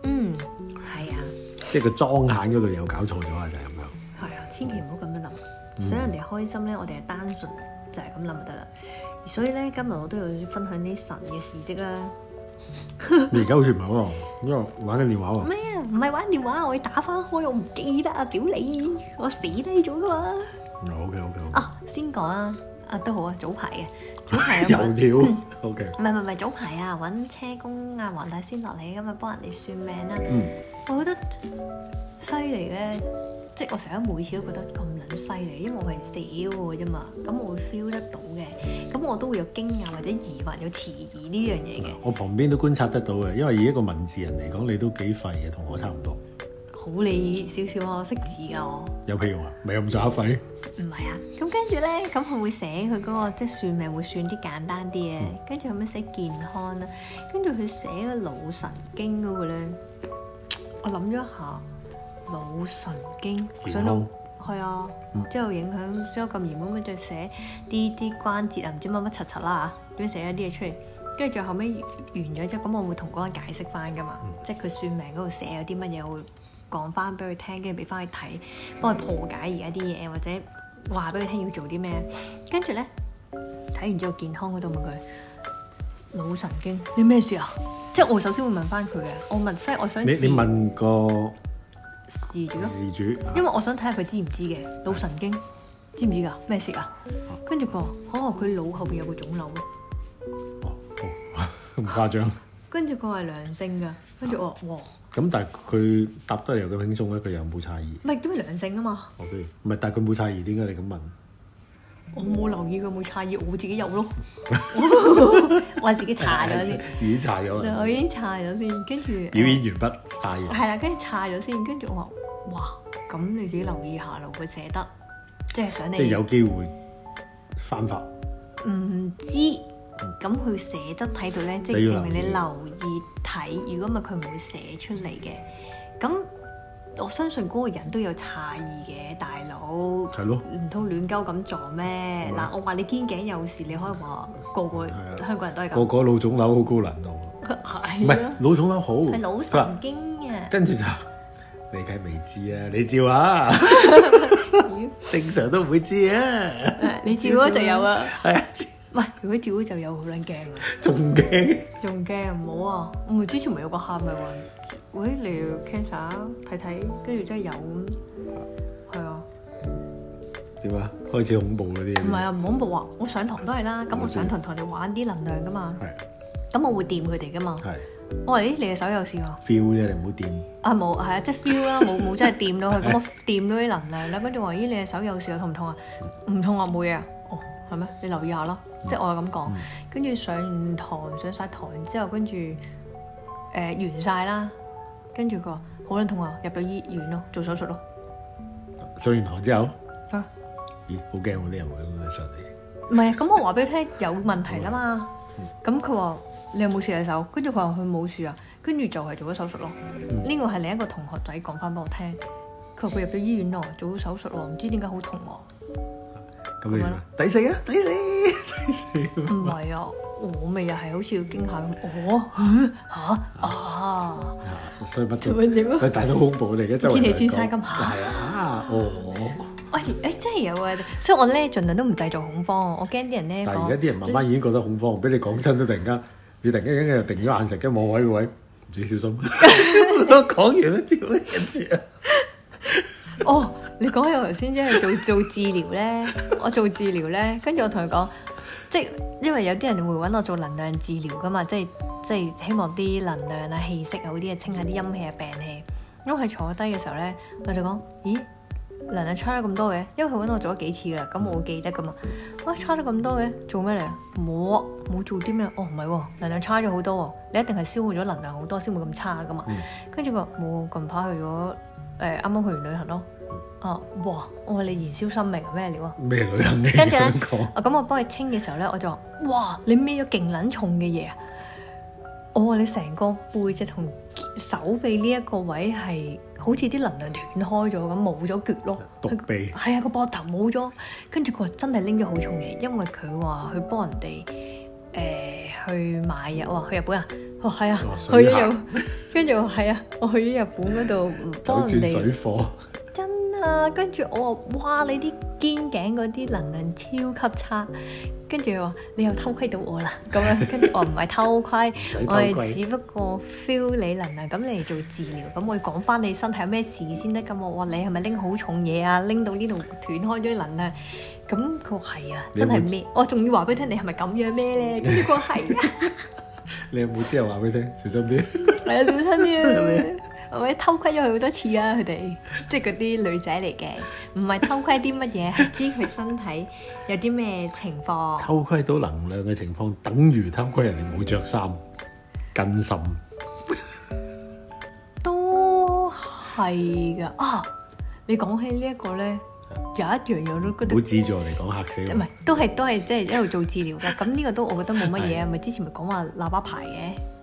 嗯，係啊，即係個裝眼嗰度又搞錯咗啊，就係、是、咁樣。係啊，千祈唔好咁樣諗，嗯，想人哋開心咧，我哋係單純就係咁諗就得啦。所以咧，今日我都要分享啲神嘅事跡啦。 你而家好似唔係喎，因為我玩緊電話喎。咩啊？唔係玩電話，我要打翻開，我唔記得啊！屌你，我死低咗噶嘛。哦，OK OK, okay. 啊，先講啦，啊都好啊，早排嘅，早排啊。油條，OK。唔係唔係早排啊，搵車公啊，黃大仙落嚟咁啊，幫人哋算命啦。嗯。我覺得犀利咧。即係我成日每次都覺得咁撚犀利，因為我係死喎啫嘛，咁我會 feel 得到嘅，咁、嗯、我都會有驚訝或者疑惑、有遲疑呢樣嘢嘅。我旁邊都觀察得到嘅，因為以一個文字人嚟講，你都幾廢嘅，同我差唔多。好你少少我識字㗎、啊、我。有譬如話，咪咁唔就學廢？唔係、嗯、啊，咁跟住咧，咁佢會寫佢嗰、那個即係算命會算啲簡單啲嘅，跟住有咩寫健康啦，跟住佢寫個腦神經嗰個咧，我諗咗一下。腦神經，想康係啊，之、嗯、後影響，之後咁嚴咁樣再寫啲啲關節啊，唔知乜乜柒柒啦，嚇，咁樣寫一啲嘢出嚟，跟住最後尾完咗之後，咁我會同嗰個人解釋翻噶嘛，嗯、即係佢算命嗰度寫有啲乜嘢，我會講翻俾佢聽，跟住俾翻佢睇，幫佢破解而家啲嘢，或者話俾佢聽要做啲咩，跟住咧睇完之後健康嗰度問佢，腦、嗯、神經你咩事啊？即係我首先會問翻佢嘅，我問先，我想你你問個。事主咯，啊、因為我想睇下佢知唔知嘅，腦神經是知唔知噶？咩事啊？跟住佢話，可能佢腦後邊有個腫瘤咯，哦。哦，咁誇張。跟住佢話良性噶，跟住我，啊、哇！咁但係佢答得嚟又咁輕鬆咧，佢又冇差異。唔係都係良性啊嘛。O K，唔係，但係佢冇差異，點解你咁問？我冇留意佢冇擦嘢，我自己有咯。 我自己擦咗先， 已經擦咗 我已經擦咗先，跟住。表演完畢，擦嘢。係啦，跟住擦咗先，跟住我話，哇，咁你自己留意下咯，佢寫得，即係想你。即係有機會翻拍。唔知，咁佢寫得睇到咧，即係證明你留意睇。如果唔係佢唔會寫出嚟嘅，咁。我相信嗰個人都有差異嘅，大佬。係咯的。唔通亂鳩咁做咩？嗱的，我話你肩頸有事，你可以話個個香港人都係咁。個個腦腫瘤好高難度。係的。唔係，腦腫瘤好。係腦神經嘅。跟住就你睇未知啊，你照下？ 正常都唔會知啊， 啊。你照啊就有 啊。係。唔係，如果照啊就有，好撚驚。仲驚？仲驚？唔好啊！我之前咪有個客咪 喂，聊 cancer 睇睇，跟住真係有，係啊。點啊？開始恐怖嗰啲？唔係啊，唔恐怖啊！我上堂都係啦，咁我上堂同你玩啲能量噶嘛。係。咁我會掂佢哋噶嘛。係。我話咦，你嘅手有事啊？Feel 啫，你唔好掂。啊冇，係啊，即係 feel 啦，冇冇真係掂到佢，咁我掂到啲能量啦。跟住話咦，你嘅手有事啊？痛唔痛啊？唔痛啊，冇嘢啊。哦，係咩？你留意下咯。即係我係咁講，跟住上堂，上晒堂之後，跟住誒完晒啦。跟住佢話好撚痛啊，入咗醫院咯，做手術咯。上完堂之後，咦、啊，好驚嗰啲人會，會上嚟。唔係啊，咁、嗯、我話俾佢聽有問題啦嘛。咁佢話你有冇試下手？跟住佢話佢冇試啊。跟住就係做咗手術咯。呢、嗯、個係另一個同學仔講翻俾我聽。佢話佢入咗醫院咯，做咗手術喎，唔知點解好痛喎。抵死啊！抵死！抵死！唔係啊，我咪又係好似要驚下咯。我嚇啊！所以乜嘢咯？係大到恐怖嚟嘅，天氣穿山金。係啊！啊哦！喂誒，真係有啊！所以我咧盡量都唔製造恐慌，我驚啲人咧。但係而家啲人慢慢已經覺得恐慌，俾你講真都突然間，你突然間又定咗眼神，跟住望位嗰位，注意小心。講完啦，點解嘅？哦。你講我頭先即係做做治療咧， 我做治療咧，跟住我同佢講，即係因為有啲人會揾我做能量治療噶嘛，即係即係希望啲能量啊、氣息啊，嗰啲嘢清下啲陰氣啊、病氣。咁佢坐低嘅時候咧，我就講：咦，能量差咗咁多嘅，因為佢揾我做咗幾次啦，咁我會記得噶嘛，哇，差咗咁多嘅，做咩嚟啊？冇冇做啲咩？哦，唔係喎，能量差咗好多喎，你一定係消耗咗能量好多先會咁差噶嘛。跟住佢話冇近排去咗誒，啱、欸、啱去完旅行咯。哦、啊，哇！我話你燃燒生命咩料啊？咩女人咧？跟住咧，咁 我幫佢清嘅時候咧，我就話哇，你孭咗勁撚重嘅嘢啊！我話你成個背脊同手臂呢一個位係好似啲能量斷開咗咁，冇咗厥咯。鼻？係啊，個膊頭冇咗。跟住佢話真係拎咗好重嘢，因為佢話去幫人哋誒、呃、去買啊，話去日本啊，哦係啊，去咗又跟住話係啊，我去咗日本嗰度幫人哋水貨。跟住我話，哇！你啲肩頸嗰啲能量超級差，跟住話你又偷窺到我啦，咁樣。跟住我唔係偷窺，我係只不過 feel 你能量，咁你嚟做治療，咁我講翻你身體有咩事先得噶嘛。咁我話，你係咪拎好重嘢啊？拎到呢度斷開咗啲能量，咁佢話係啊，真係咩？我仲要話俾你聽，你係咪咁樣咩咧？跟住佢係啊，你有冇之後話俾你聽？小心啲，係啊，小心啲。我啲偷窺咗佢好多次啊！佢哋即係嗰啲女仔嚟嘅，唔係偷窺啲乜嘢，係 知佢身體有啲咩情況。偷窺到能量嘅情況，等於偷窺人哋冇着衫，更深。都係㗎啊！你講起呢 一個咧，有一樣嘢都好指助嚟講嚇死。唔係，都係都係即係一路做治療㗎。咁呢 個都我覺得冇乜嘢，咪 之前咪講話喇叭牌嘅。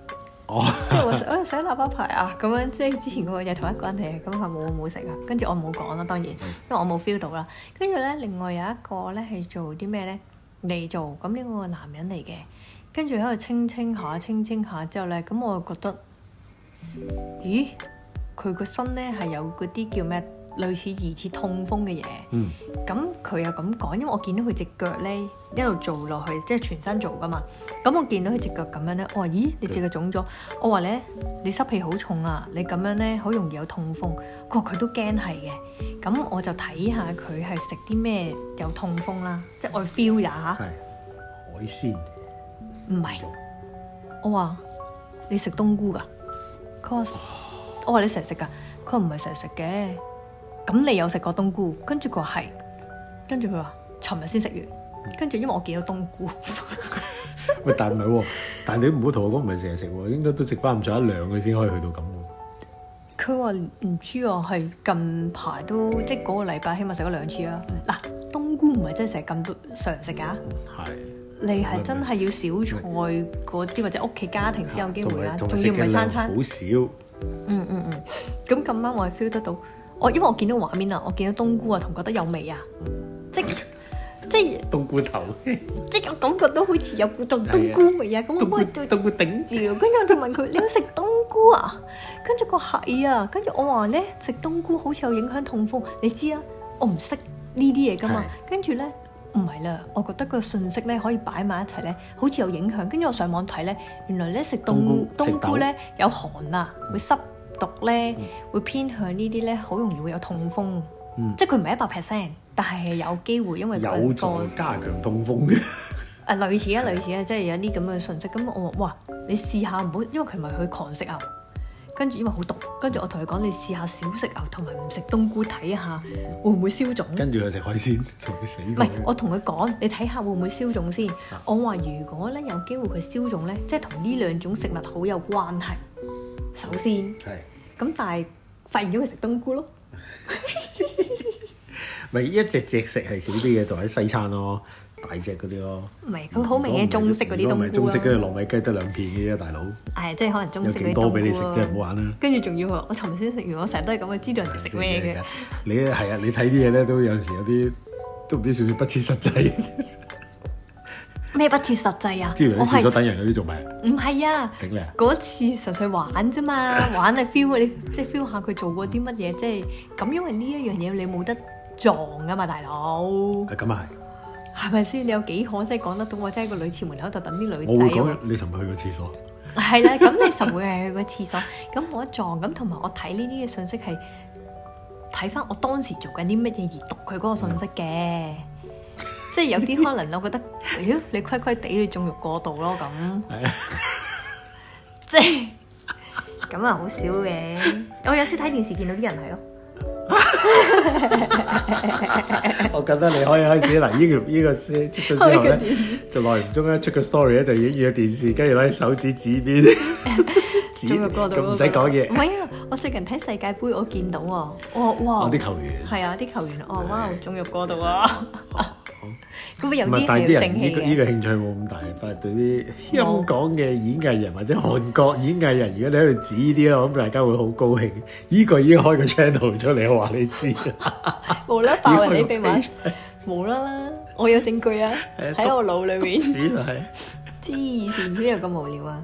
哦，oh. 即係我喺度洗，洗喇叭牌啊，咁樣即係之前嗰個又同一個人嚟，咁佢冇冇食啊？跟住我冇講啦，當然，因為我冇 feel 到啦。跟住咧，另外有一個咧係做啲咩咧？你做，咁、這、呢個男人嚟嘅，跟住喺度清清下，清清下之後咧，咁我就覺得，咦，佢個身咧係有嗰啲叫咩？類似疑似痛風嘅嘢，咁佢、嗯、又咁講，因為我見到佢隻腳咧一路做落去，即係全身做噶嘛。咁我見到佢隻腳咁樣咧，我話咦，你隻腳腫咗？嗯、我話咧，你濕氣好重啊！你咁樣咧，好容易有痛風。佢話佢都驚係嘅，咁我就睇下佢係食啲咩有痛風啦、啊，即係我 feel 下。海鮮，唔係。我話你食冬菇噶，cos, 唉 我話你成日食噶，佢話唔係成日食嘅。咁你有食過冬菇？跟住佢話係，跟住佢話，尋日先食完。跟住因為我見到冬菇，嗯、 喂，但係唔係喎？但係你唔好同我講唔係成日食喎，應該都食翻唔盡一兩佢先可以去到咁喎。佢話唔知喎，係近排都即係嗰個禮拜，起碼食咗兩次啦、啊。嗱、啊，冬菇唔係真係成日咁多常食㗎，係、啊、是你係真係要小菜嗰啲或者屋企家庭先有機會啦、啊，仲要唔係餐餐？好少、嗯，嗯嗯嗯。咁咁啱我係 feel 得到。我因為我見到畫面啊，我見到冬菇啊，同覺得有味啊，即即冬菇頭，即我感覺都好似有股就冬菇味啊，咁我冇去冬菇頂住，跟住我就問佢： 你要食冬菇啊？跟住個蟹啊，跟住我話咧食冬菇好似有影響痛風，你知啊？我唔識呢啲嘢㗎嘛，跟住咧唔係啦，我覺得個信息咧可以擺埋一齊咧，好似有影響。跟住我上網睇咧，原來咧食冬冬菇咧吃豆 有寒啊，會濕。毒咧、嗯、會偏向呢啲咧，好容易會有痛風，嗯、即係佢唔係一百 percent，但係有機會，因為有助加強痛風嘅。啊， 類似啊，類似啊，即係有啲咁嘅信息。咁我話：哇，你試下唔好，因為佢唔係去狂食牛，跟住因為好毒，跟住我同佢講你試下少食牛同埋唔食冬菇，睇下會唔會消腫。嗯、跟住佢食海鮮，同佢死。唔係，我同佢講你睇下會唔會消腫先。嗯、 我話如果咧有機會佢消腫咧，即係同呢兩種食物好有關係。首先係。咁但係發現咗佢食冬菇咯，咪 一隻隻食係少啲嘢，就喺西餐咯，大隻嗰啲咯。唔係，佢好明顯嘅中式嗰啲都唔係中式，嗰啲糯米雞得兩片嘅啫，大佬。係，即係可能中式多俾你食，真係唔好玩啦。跟住仲要，我尋日先食完，我成日都係咁嘅，知道人哋食咩嘅。你係啊，你睇啲嘢咧都有時有啲都唔知算唔算不切實際。咩不切實際啊？即係去廁所等人嗰啲做咩？唔係啊，嗰次純粹玩啫嘛，玩啊 feel 你即係 feel 下佢做過啲乜嘢，即係咁。因為呢一樣嘢你冇得撞啊嘛，大佬。啊，咁啊係。係咪先？你有幾可即係講得到我即係個女廁門口度等啲女仔。我講，你尋日去過廁所。係啦，咁你實會係去過廁所，咁我一撞，咁同埋我睇呢啲嘅信息係睇翻我當時做緊啲乜嘢而讀佢嗰個信息嘅。即係有啲可能，我覺得你規規地要縱慾過度咯咁。係啊，即係咁啊，好少嘅。我有次睇電視見到啲人係咯。我覺得你可以開始嗱，呢個依個出出出嚟就耐唔中咧出個 story 咧就影住電視，跟住攞手指指邊，縱慾過度咁唔使講嘢。唔係啊，我最近睇世界盃，我見到喎，我哇啲球員係啊啲球員，哦哇縱慾過度啊！咁啊有啲人依個依個興趣冇咁大，反而對啲香港嘅演藝人或者韓國演藝人，如果你喺度指呢啲啊，咁大家會好高興。依、依個已經開個 channel 出嚟，我話你知。冇 啦， 爆人哋秘密。冇啦，我有證據啊。喺我腦裏面。知，以前黐線，邊有咁無聊啊？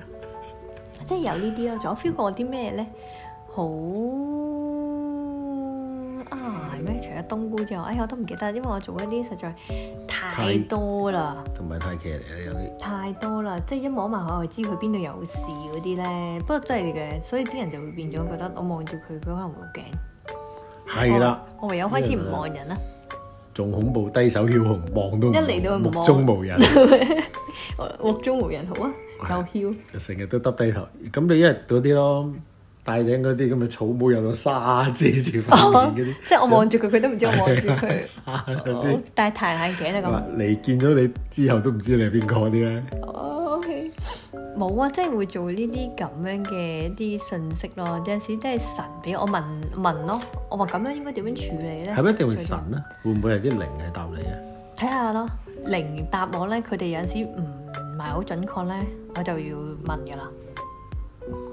即係有呢啲咯。仲有 feel 過我啲咩咧？好。冬菇之後，哎呀，我都唔記得，因為我做嗰啲實在太多啦，同埋太劇嚟啦，有啲太多啦，即係一望埋我，我就知佢邊度有事嗰啲咧。不過真係嘅，所以啲人就會變咗覺得，我望住佢，佢可能會驚。係啦，我唯有開始唔望人啦。仲恐怖低手梟雄，望都一嚟到目中無人，目中無人好啊，夠囂。成日都耷低頭，咁你一日嗰啲咯。戴頂嗰啲咁嘅草帽，有個沙遮住塊面，即係我望住佢，佢都唔知我望住佢。沙嗰啲戴太陽眼鏡啊，咁。你吧見到你之後都唔知你係邊個啲咧？冇、哦 okay. 啊，即係會做呢啲咁樣嘅一啲信息咯。有陣時即係神，畀我問我問，問咯，我話咁樣應該點樣處理咧？係咪一定會神咧、啊？會唔會係啲靈係答你啊？睇下咯，靈答我咧，佢哋有陣時唔唔係好準確咧，我就要問噶啦。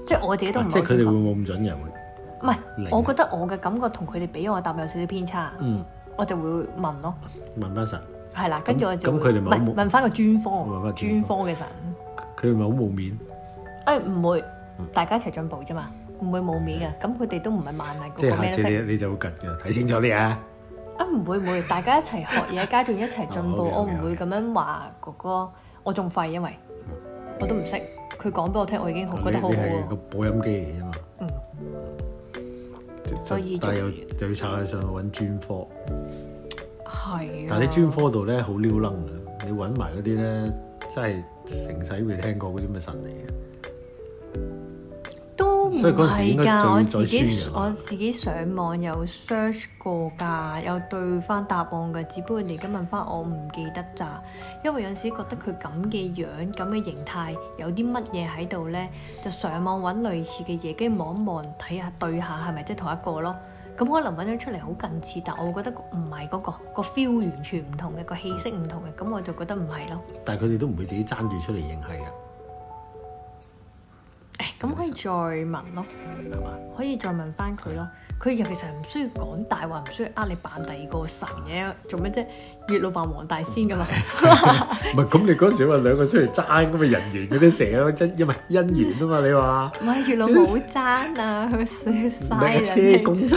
即係我自己都唔係即係佢哋會冇咁準人。會，唔係我覺得我嘅感覺同佢哋俾我嘅答有少少偏差，我就會問咯。問翻神。係啦，跟住我就。咁佢哋唔係問翻個專科，專科嘅神。佢係咪好冇面？誒唔會，大家一齊進步啫嘛，唔會冇面嘅。咁佢哋都唔係萬曆哥哥咩你就會及嘅，睇清楚啲啊！啊，唔會唔會，大家一齊學嘢，階段一齊進步，我唔會咁樣話哥哥，我仲廢，因為我都唔識。佢講俾我聽，我已經覺得好好。咁係、啊、個播音機嚟啫嘛。嗯。就所以，但係又又要查去上去揾專科。係啊。但係你專科度咧好溜楞啊！你揾埋嗰啲咧，真係成世未聽過嗰啲咩神嚟嘅。都唔係㗎，我自己我自己上網有 search 過㗎，有對翻答案㗎，只不過你而家問翻我唔記得咋，因為有陣時覺得佢咁嘅樣、咁嘅形態有啲乜嘢喺度咧，就上網揾類似嘅嘢，跟住望一望、睇下對下係咪即係同一個咯。咁可能揾咗出嚟好近似，但我覺得唔係嗰個，個 feel 完全唔同嘅，個氣息唔同嘅，咁我就覺得唔係咯。但係佢哋都唔會自己爭住出嚟認係㗎。咁可以再問咯，係嘛？可以再問翻佢咯。佢尤其係唔需要講大話，唔需要呃你扮第二個神嘅，做咩啫？月老扮黃大仙噶嘛？唔係咁，你嗰時話兩個出嚟爭咁，咪人緣嗰啲成日因因為姻緣啊嘛？你話唔係月老爭啊，佢車公爭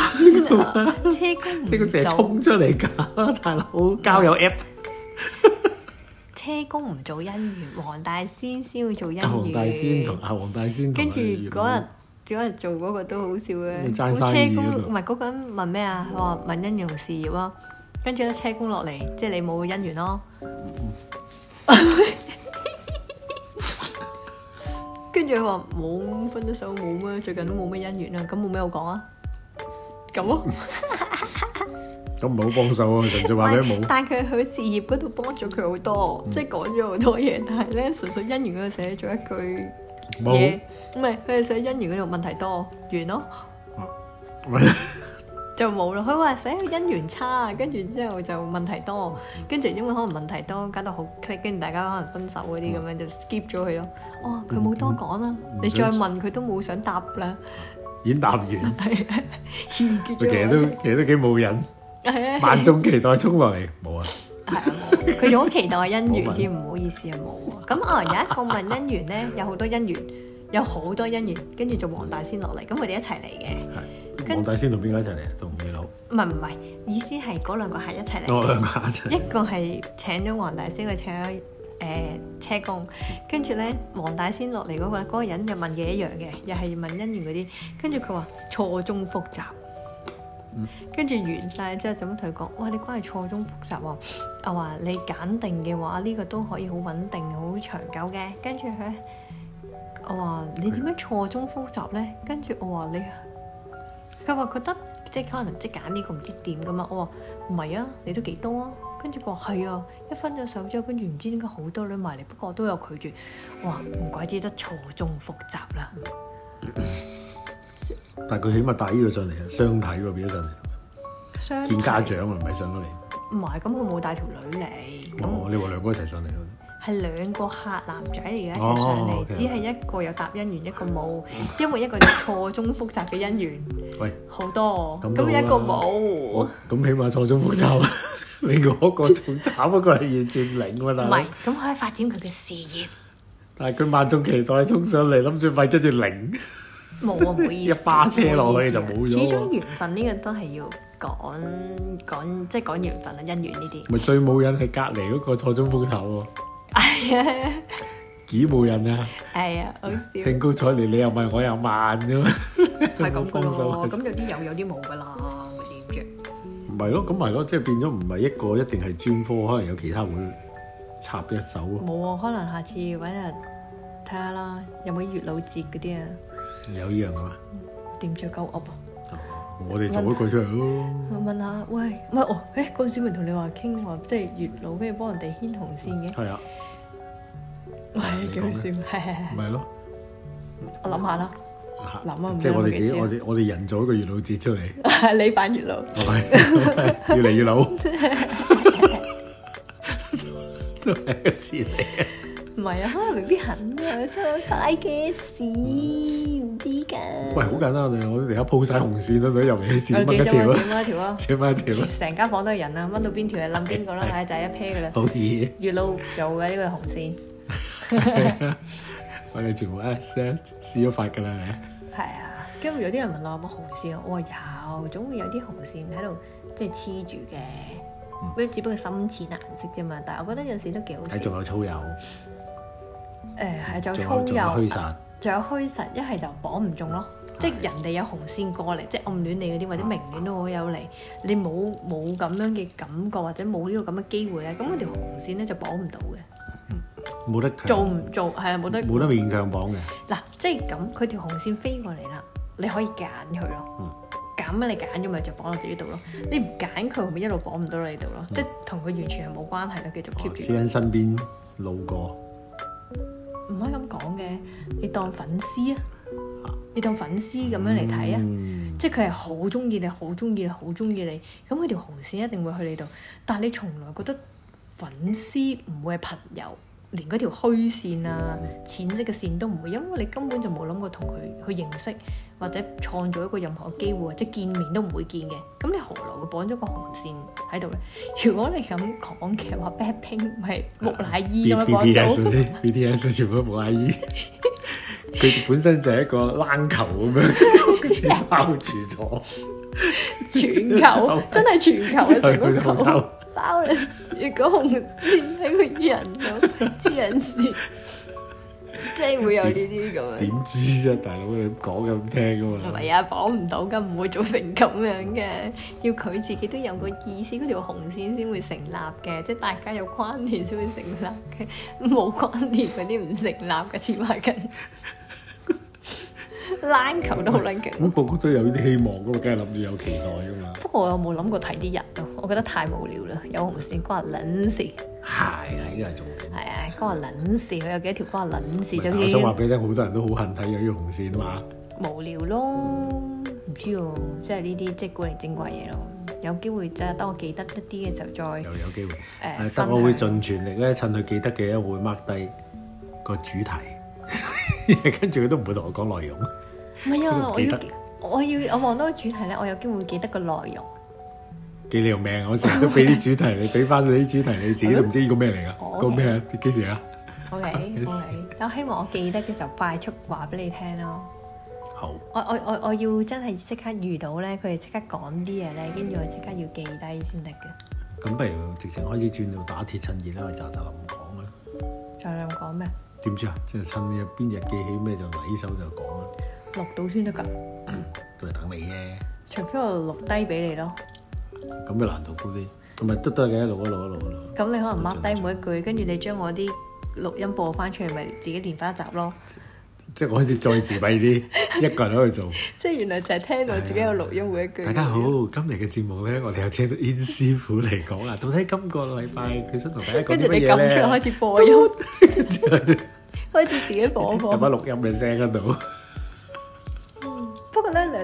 啊，車公唔識佢，成日衝出嚟搞大佬交友 app。車公唔做姻緣，黃大仙先會做姻緣。黃大仙同啊黃大仙。跟住嗰日，嗰日做嗰個都好笑咧。個車公唔係嗰個人問咩啊？佢話問姻緣事業咯。跟住咧，車公落嚟，即係你冇姻緣咯。跟住佢話冇分得手冇咩，最近都冇咩姻緣啦。咁冇咩好講啊？咁咯。都唔好幫手啊！純粹話咩冇，但係佢喺事業嗰度幫咗佢好多，即係講咗好多嘢。但係咧，純粹姻緣嗰度寫咗一句嘢，唔係佢係寫姻緣嗰度問題多完咯，就冇啦。佢話寫姻緣差，跟住之後就問題多，跟住因為可能問題多搞到好 cut，跟住大家可能分手嗰啲咁樣就 skip 咗佢咯。哦！佢冇多講啦，你再問佢都冇想答啦，已經答完，係完結咗。佢其實都其實都幾冇癮。萬眾期待衝落嚟，冇啊！係啊，冇。佢仲好期待姻緣啲，唔好意思啊，冇。咁啊，有一個問姻緣咧，有好多姻緣，有好多姻緣，跟住就黃大仙落嚟，咁佢哋一齊嚟嘅。係。黃大仙同邊個一齊嚟啊？同李老。唔係唔係，意思係嗰兩個係一齊嚟。我兩個一齊。一個係請咗黃大仙，佢請咗誒車公，跟住咧黃大仙落嚟嗰個，嗰個人就問嘅一樣嘅，又係問姻緣嗰啲，跟住佢話錯綜複雜。嗯、跟住完晒之後，就咁同佢講，哇！你關係錯綜複雜喎、啊。我話你揀定嘅話，呢、這個都可以好穩定、好長久嘅。跟住佢：「我話你點樣錯綜複雜咧？跟住我話你，佢話覺得即係可能即揀呢個唔知點㗎嘛。我話唔係啊，你都幾多啊？跟住佢話係啊，一分咗手之後，跟住唔知點解好多女埋嚟，不過我都有拒絕。哇！唔怪之得錯綜複雜啦。 但佢起碼帶呢個上嚟啊，雙體喎，變咗上嚟，見家長啊，唔係上咗嚟。唔係，咁佢冇帶條女嚟。哦，你話兩個一齊上嚟咯。係兩個客男仔嚟嘅，一齊上嚟，只係一個有搭姻緣，一個冇，因為一個錯綜複雜嘅姻緣。喂，好多，咁一個冇。咁起碼錯綜複雜啊！你嗰個仲慘，不過係完全零啦。唔係，咁可以發展佢嘅事業。但係佢萬眾期待衝上嚟，諗住為咗條零。冇啊，唔好意思。一巴車落去、啊、就冇咗。始終緣分呢個都係要講講，即係講緣分啊，姻緣呢啲。咪最冇癮係隔離嗰個坐鐘鋪頭喎。係啊。幾冇癮啊？係啊，好笑。定高坐嚟，你又慢，我又慢啫嘛。係咁講咯。咁 有啲有，有啲冇㗎啦，嗰啲著。唔係咯，咁咪咯，即係變咗唔係一個一定係專科，可能有其他會插一手喎。冇啊、嗯，可能下次揾日睇下啦，有冇月老節嗰啲啊？有依樣噶嘛？點著鳩鴨啊！我哋做一個出嚟咯。我問下喂，唔係哦，誒嗰陣時咪同你話傾話，即係月老，跟住幫人哋牽紅線嘅。係啊，喂，幾好笑，係係係。唔係咯，我諗下啦。諗啊，即係我哋自己，我哋我哋人做一個月老節出嚟。係你扮月老，越嚟越老，都係個字嚟嘅。唔係啊，可能未必肯啊，收曬嘅事。啲噶，喂，好簡單，我哋，我哋而家鋪晒紅線，等佢入嚟先，搵一條咯，扯翻一條咯，成間房間都係人啊，掹到邊條就冧邊個啦，係就對一 pair 噶啦，好易意。月老做嘅呢、這個紅線， 我哋全部 set 試咗發噶啦，係、哎、啊。跟住有啲人問我有冇紅線，我、哦、話有，總會有啲紅線喺度即係黐住嘅，咁、嗯、只不過深淺顏色啫嘛。但係我覺得有陣時都幾好，仲有粗油，誒、哎、係仲有粗油，驅散。仲有虛實，一係就綁唔中咯，即係人哋有紅線過嚟，即係暗戀你嗰啲或者明戀都有嚟，你冇冇咁樣嘅感覺或者冇呢個咁嘅機會咧，咁嗰條紅線咧就綁唔到嘅，冇得強做唔做係啊，冇得，冇得勉強綁嘅。嗱，即係咁，佢條紅線飛過嚟啦，你可以揀佢咯，揀咩，你揀咗咪就綁到自己度咯，你唔揀佢咪一路綁唔到你度咯，即係同佢完全係冇關係啦，繼續 keep 住。只因身邊路過。唔可以咁講嘅，你當粉絲啊，你當粉絲咁樣嚟睇啊，即係佢係好中意你，好中意你，好中意你，咁佢條紅線一定會去你度，但係你從來覺得粉絲唔會係朋友，連嗰條虛線啊、淺色嘅線都唔會，因為你根本就冇諗過同佢去認識。或者創造一個任何嘅機會，或者見面都唔會見嘅，咁你何來會綁咗個紅線喺度咧？如果你咁講嘅話，Bad Ping 唔係木乃伊咁樣綁到、啊，BTS，BTS 全部木乃伊，佢 本身就係一個冷球咁樣包住咗， 全球 真係全球嘅球包你如果紅線喺個人度，人然。即係會有呢啲咁樣，點知啫、啊？大佬你講咁聽㗎嘛？唔係啊，綁唔到噶，唔會做成咁樣嘅。要佢自己都有個意思，嗰條紅線先會成立嘅。即係大家有關聯先會成立嘅，冇關聯嗰啲唔成立嘅。似埋緊，欖球都好撚勁。我個個都有呢啲希望噶嘛，梗係諗住有期待噶嘛。不過我有冇諗過睇啲人咯？我覺得太無聊啦，有紅線關捻事。係啊，呢個係重點。係啊，嗰個捻事，佢有幾多條嗰個捻事？重點。我想話俾你聽，好多人都好恨睇有呢個紅線啊嘛。無聊咯，唔、嗯、知哦，即係呢啲即係古靈精怪嘢咯。有機會即係當我記得一啲嘅時候，再。又有機會誒，但、呃、我會盡全力咧、呃分享，趁佢記得嘅會 mark 低個主題， 跟住佢都唔會同我講內容。唔係啊，我記得我要我望到個主題咧，我有機會記得個內容。 記你條命，我成日都俾啲主題你，俾翻你啲主題，你自己都唔知依個咩嚟噶，個咩啊？幾時啊？OK OK，我希望我記得嘅時候快速話俾你聽咯。好，我我我我要真係即刻遇到咧，佢哋即刻講啲嘢咧，跟住我即刻要記低先得嘅。咁不如直情開始轉到打鐵趁熱啦，我咋咋咁講啦。就係咁講咩？點知啊？就趁邊日記起咩就揦手就講啦。錄到先得㗎。佢等你啫。除非我錄低俾你咯。咁嘅難度高啲，咁咪都都係嘅，一路一路一路。咁你可能 mark 低每一句，跟住你將我啲錄音播翻出嚟，咪自己練翻一集咯。即係我開始再自閉啲，一個人喺度做。即係原來就係聽到自己個錄音每一句。大家好，今日嘅節目咧，我哋又請到 In 師傅嚟講啊。到底今個禮拜佢想同大家講啲乜嘢咧？跟住你今朝開始播音，開始自己播個入下錄音嘅聲喺度。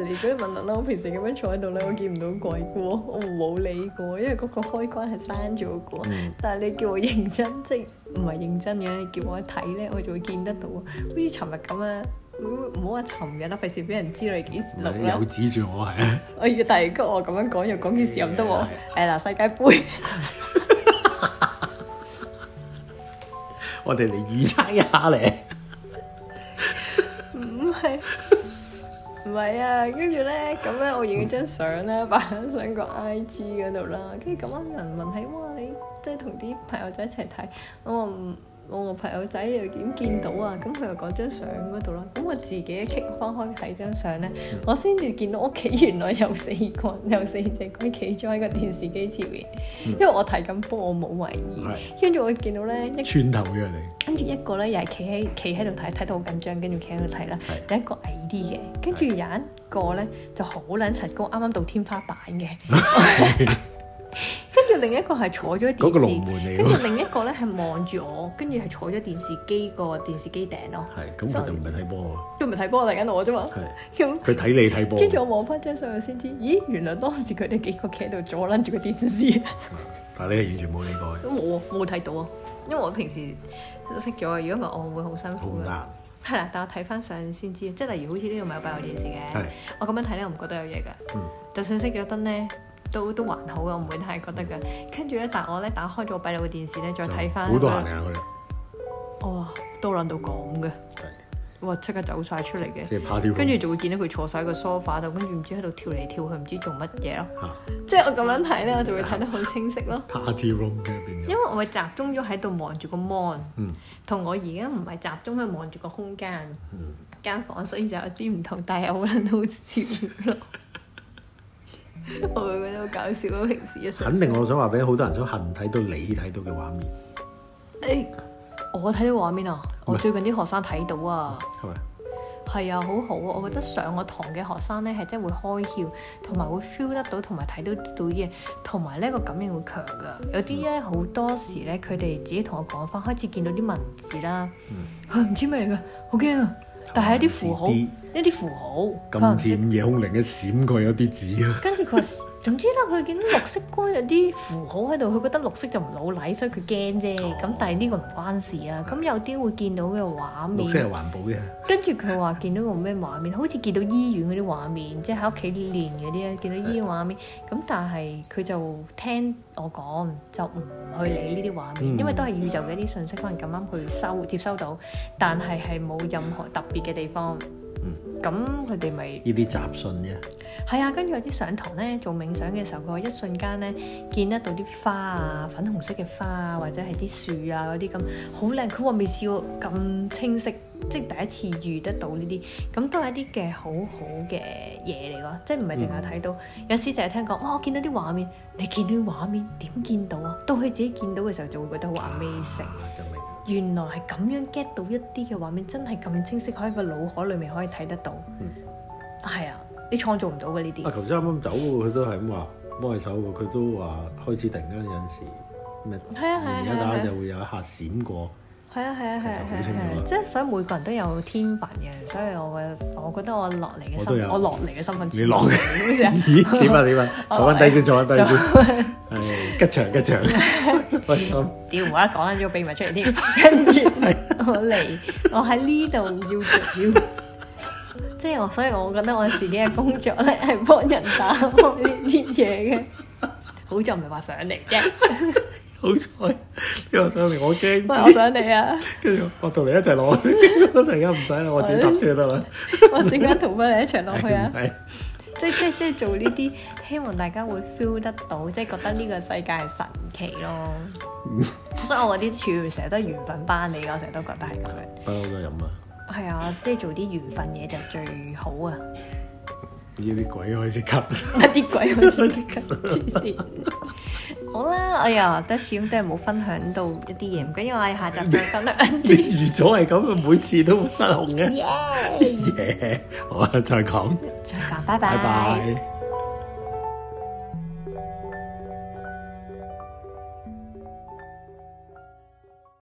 如果你問我咧，我平時咁樣坐喺度咧，我見唔到鬼嘅，我冇理嘅，因為嗰個開關係閂咗㗎，但係你叫我認真，即係唔係認真嘅？你叫我睇咧，我就會見得到。好似尋日咁啊，唔好話尋日啦，費事俾人知你幾時錄啦。你又指住我係啊？我要第二個我咁樣講又講嘅時候都喎。誒嗱，世界盃， 我哋嚟預測一下咧。唔係。 唔係啊，跟住咧，咁咧我影咗張相咧，擺喺上個 IG 嗰度啦。跟住咁啱人問起，哇！你即係同啲朋友仔一齊睇，我唔。我個朋友仔又點見到啊？咁佢又講張相嗰度啦。咁我自己傾翻開睇張相咧，嗯、我先至見到屋企原來有四個，有四隻鬼企咗喺個電視機前面。嗯、因為我睇緊波我，嗯、我冇懷疑。跟住我見到咧，串頭嘅、啊、你。跟住一個咧又係企喺企喺度睇，睇到好緊張，跟住企喺度睇啦。嗯、有一個矮啲嘅，跟住有一個咧、嗯、就好撚柒高，啱啱到天花板嘅。 跟住另一個係坐咗電視，跟住另一個咧係望住我，跟住係坐咗電視機個電視機頂咯。係，咁我就唔係睇波啊，你唔係睇波，我睇緊我啫嘛。係，佢睇你睇波。跟住我望翻張相，我先知，咦，原來當時佢哋幾個企喺度阻撚住個電視。 但係你係完全冇理過。都冇啊，冇睇到啊，因為我平時熄咗。如果唔係，我會好辛苦嘅。係啦難，但我睇翻相先知，即係例如好似呢度唔係有閉路電視嘅 是。我咁樣睇咧，我唔覺得有嘢㗎。 就算熄咗燈咧。都都還好嘅，唔會太覺得嘅。跟住咧，但我咧打開咗閉路嘅電視咧，再睇翻、啊。好多人啊！佢哋哇，都諗到咁嘅。係哇，即刻走晒出嚟嘅。即係 party room，跟住就會見到佢坐晒喺個梳化度，跟住唔知喺度跳嚟跳去，唔知做乜嘢咯。啊、即係我咁樣睇咧，我就會睇得好清晰咯。 party room 嘅 in 邊因為我集中咗喺度望住個 mon，同、嗯、我而家唔係集中喺望住個空間、嗯、間房，所以就有啲唔同，但係我覺得好笑咯。 我會覺得好搞笑咯，平時一上肯定我想話俾好多人，想恨睇到你睇到嘅畫面。誒、哎，我睇到畫面啊！嗎我最近啲學生睇到啊，係咪嗎？係啊，好好啊！我覺得上我堂嘅學生咧，係真係會開竅，同埋會 feel 得到，同埋睇到到嘢，同埋呢個感應會強噶。有啲咧好多時咧，佢哋自己同我講翻，開始見到啲文字啦，唔、嗯啊、知咩嚟噶，好驚啊！但係一啲符號。嗯嗯。一啲符號，咁似午夜空靈一閃過有啲字啊！跟住佢話，總之啦，佢見到綠色光有啲符號喺度，佢覺得綠色就唔好睇，所以佢驚啫。咁但係呢個唔關事啊。咁有啲會見到嘅畫面，綠色係環保嘅。跟住佢話見到個咩畫面，好似見到醫院嗰啲畫面，即係喺屋企練嗰啲咧，見到醫院畫面。咁但係佢就聽我講，就唔去理呢啲畫面，因為都係宇宙嘅一啲信息可能咁啱去收接收到，但係係冇任何特別嘅地方。咁佢哋咪呢啲雜訊啫。嗯。係啊，跟住有啲上堂咧做冥想嘅時候，佢話一瞬間咧見得到啲花啊，粉紅色嘅花啊，或者係啲樹啊嗰啲咁好靚，佢話未試過咁清晰，即係第一次遇得到呢啲，咁都係一啲嘅好好嘅嘢嚟咯，即係唔係淨係睇到有時淨係聽講，哇！我見到啲畫面，你見到畫面點見到啊？到佢自己見到嘅時候就會覺得好 amazing，原來係咁樣 get 到一啲嘅畫面，真係咁清晰，喺個腦海裡面可以睇得到，係、嗯、啊。你創造唔到嘅呢啲。啊，頭先啱啱走喎，佢都係咁話幫你手喎，佢都話開始定嗰陣時咩？係啊係啊，而家大家就會有一下閃過。係啊係啊係啊係啊，即係所以每個人都有天分嘅，所以我我覺得我落嚟嘅身我落嚟嘅身份。你落嚟。咦？點啊點啊？坐翻低先，坐翻低先。吉祥吉祥。我屌，唔該，講緊咗秘密出嚟添。跟住我嚟，我喺呢度要要。即係所以我覺得我自己嘅工作咧，係幫人打幫呢啲嘢嘅，好在唔係話上嚟嘅， 好彩！因為上嚟？我驚。我上嚟啊！跟住我同你一齊落去，一陣間唔使啦，我自己搭車得啦。 我陣間同翻你一齊落去啊 不是！即即即做呢啲，希望大家會 feel 得到，即係覺得呢個世界係神奇咯。 所以我啲處成日都係緣分班你㗎，我成日都覺得係咁樣。不嬲都係咁啊！係啊，即係做啲緣分嘢就最好啊！呢啲鬼開始吸，啲鬼開始吸，好啦，哎呀，都始終都係冇分享到一啲嘢，唔緊要，我哋下集再分享。你預咗係咁啊？每次都失控嘅，好啦，再講，再講，拜拜。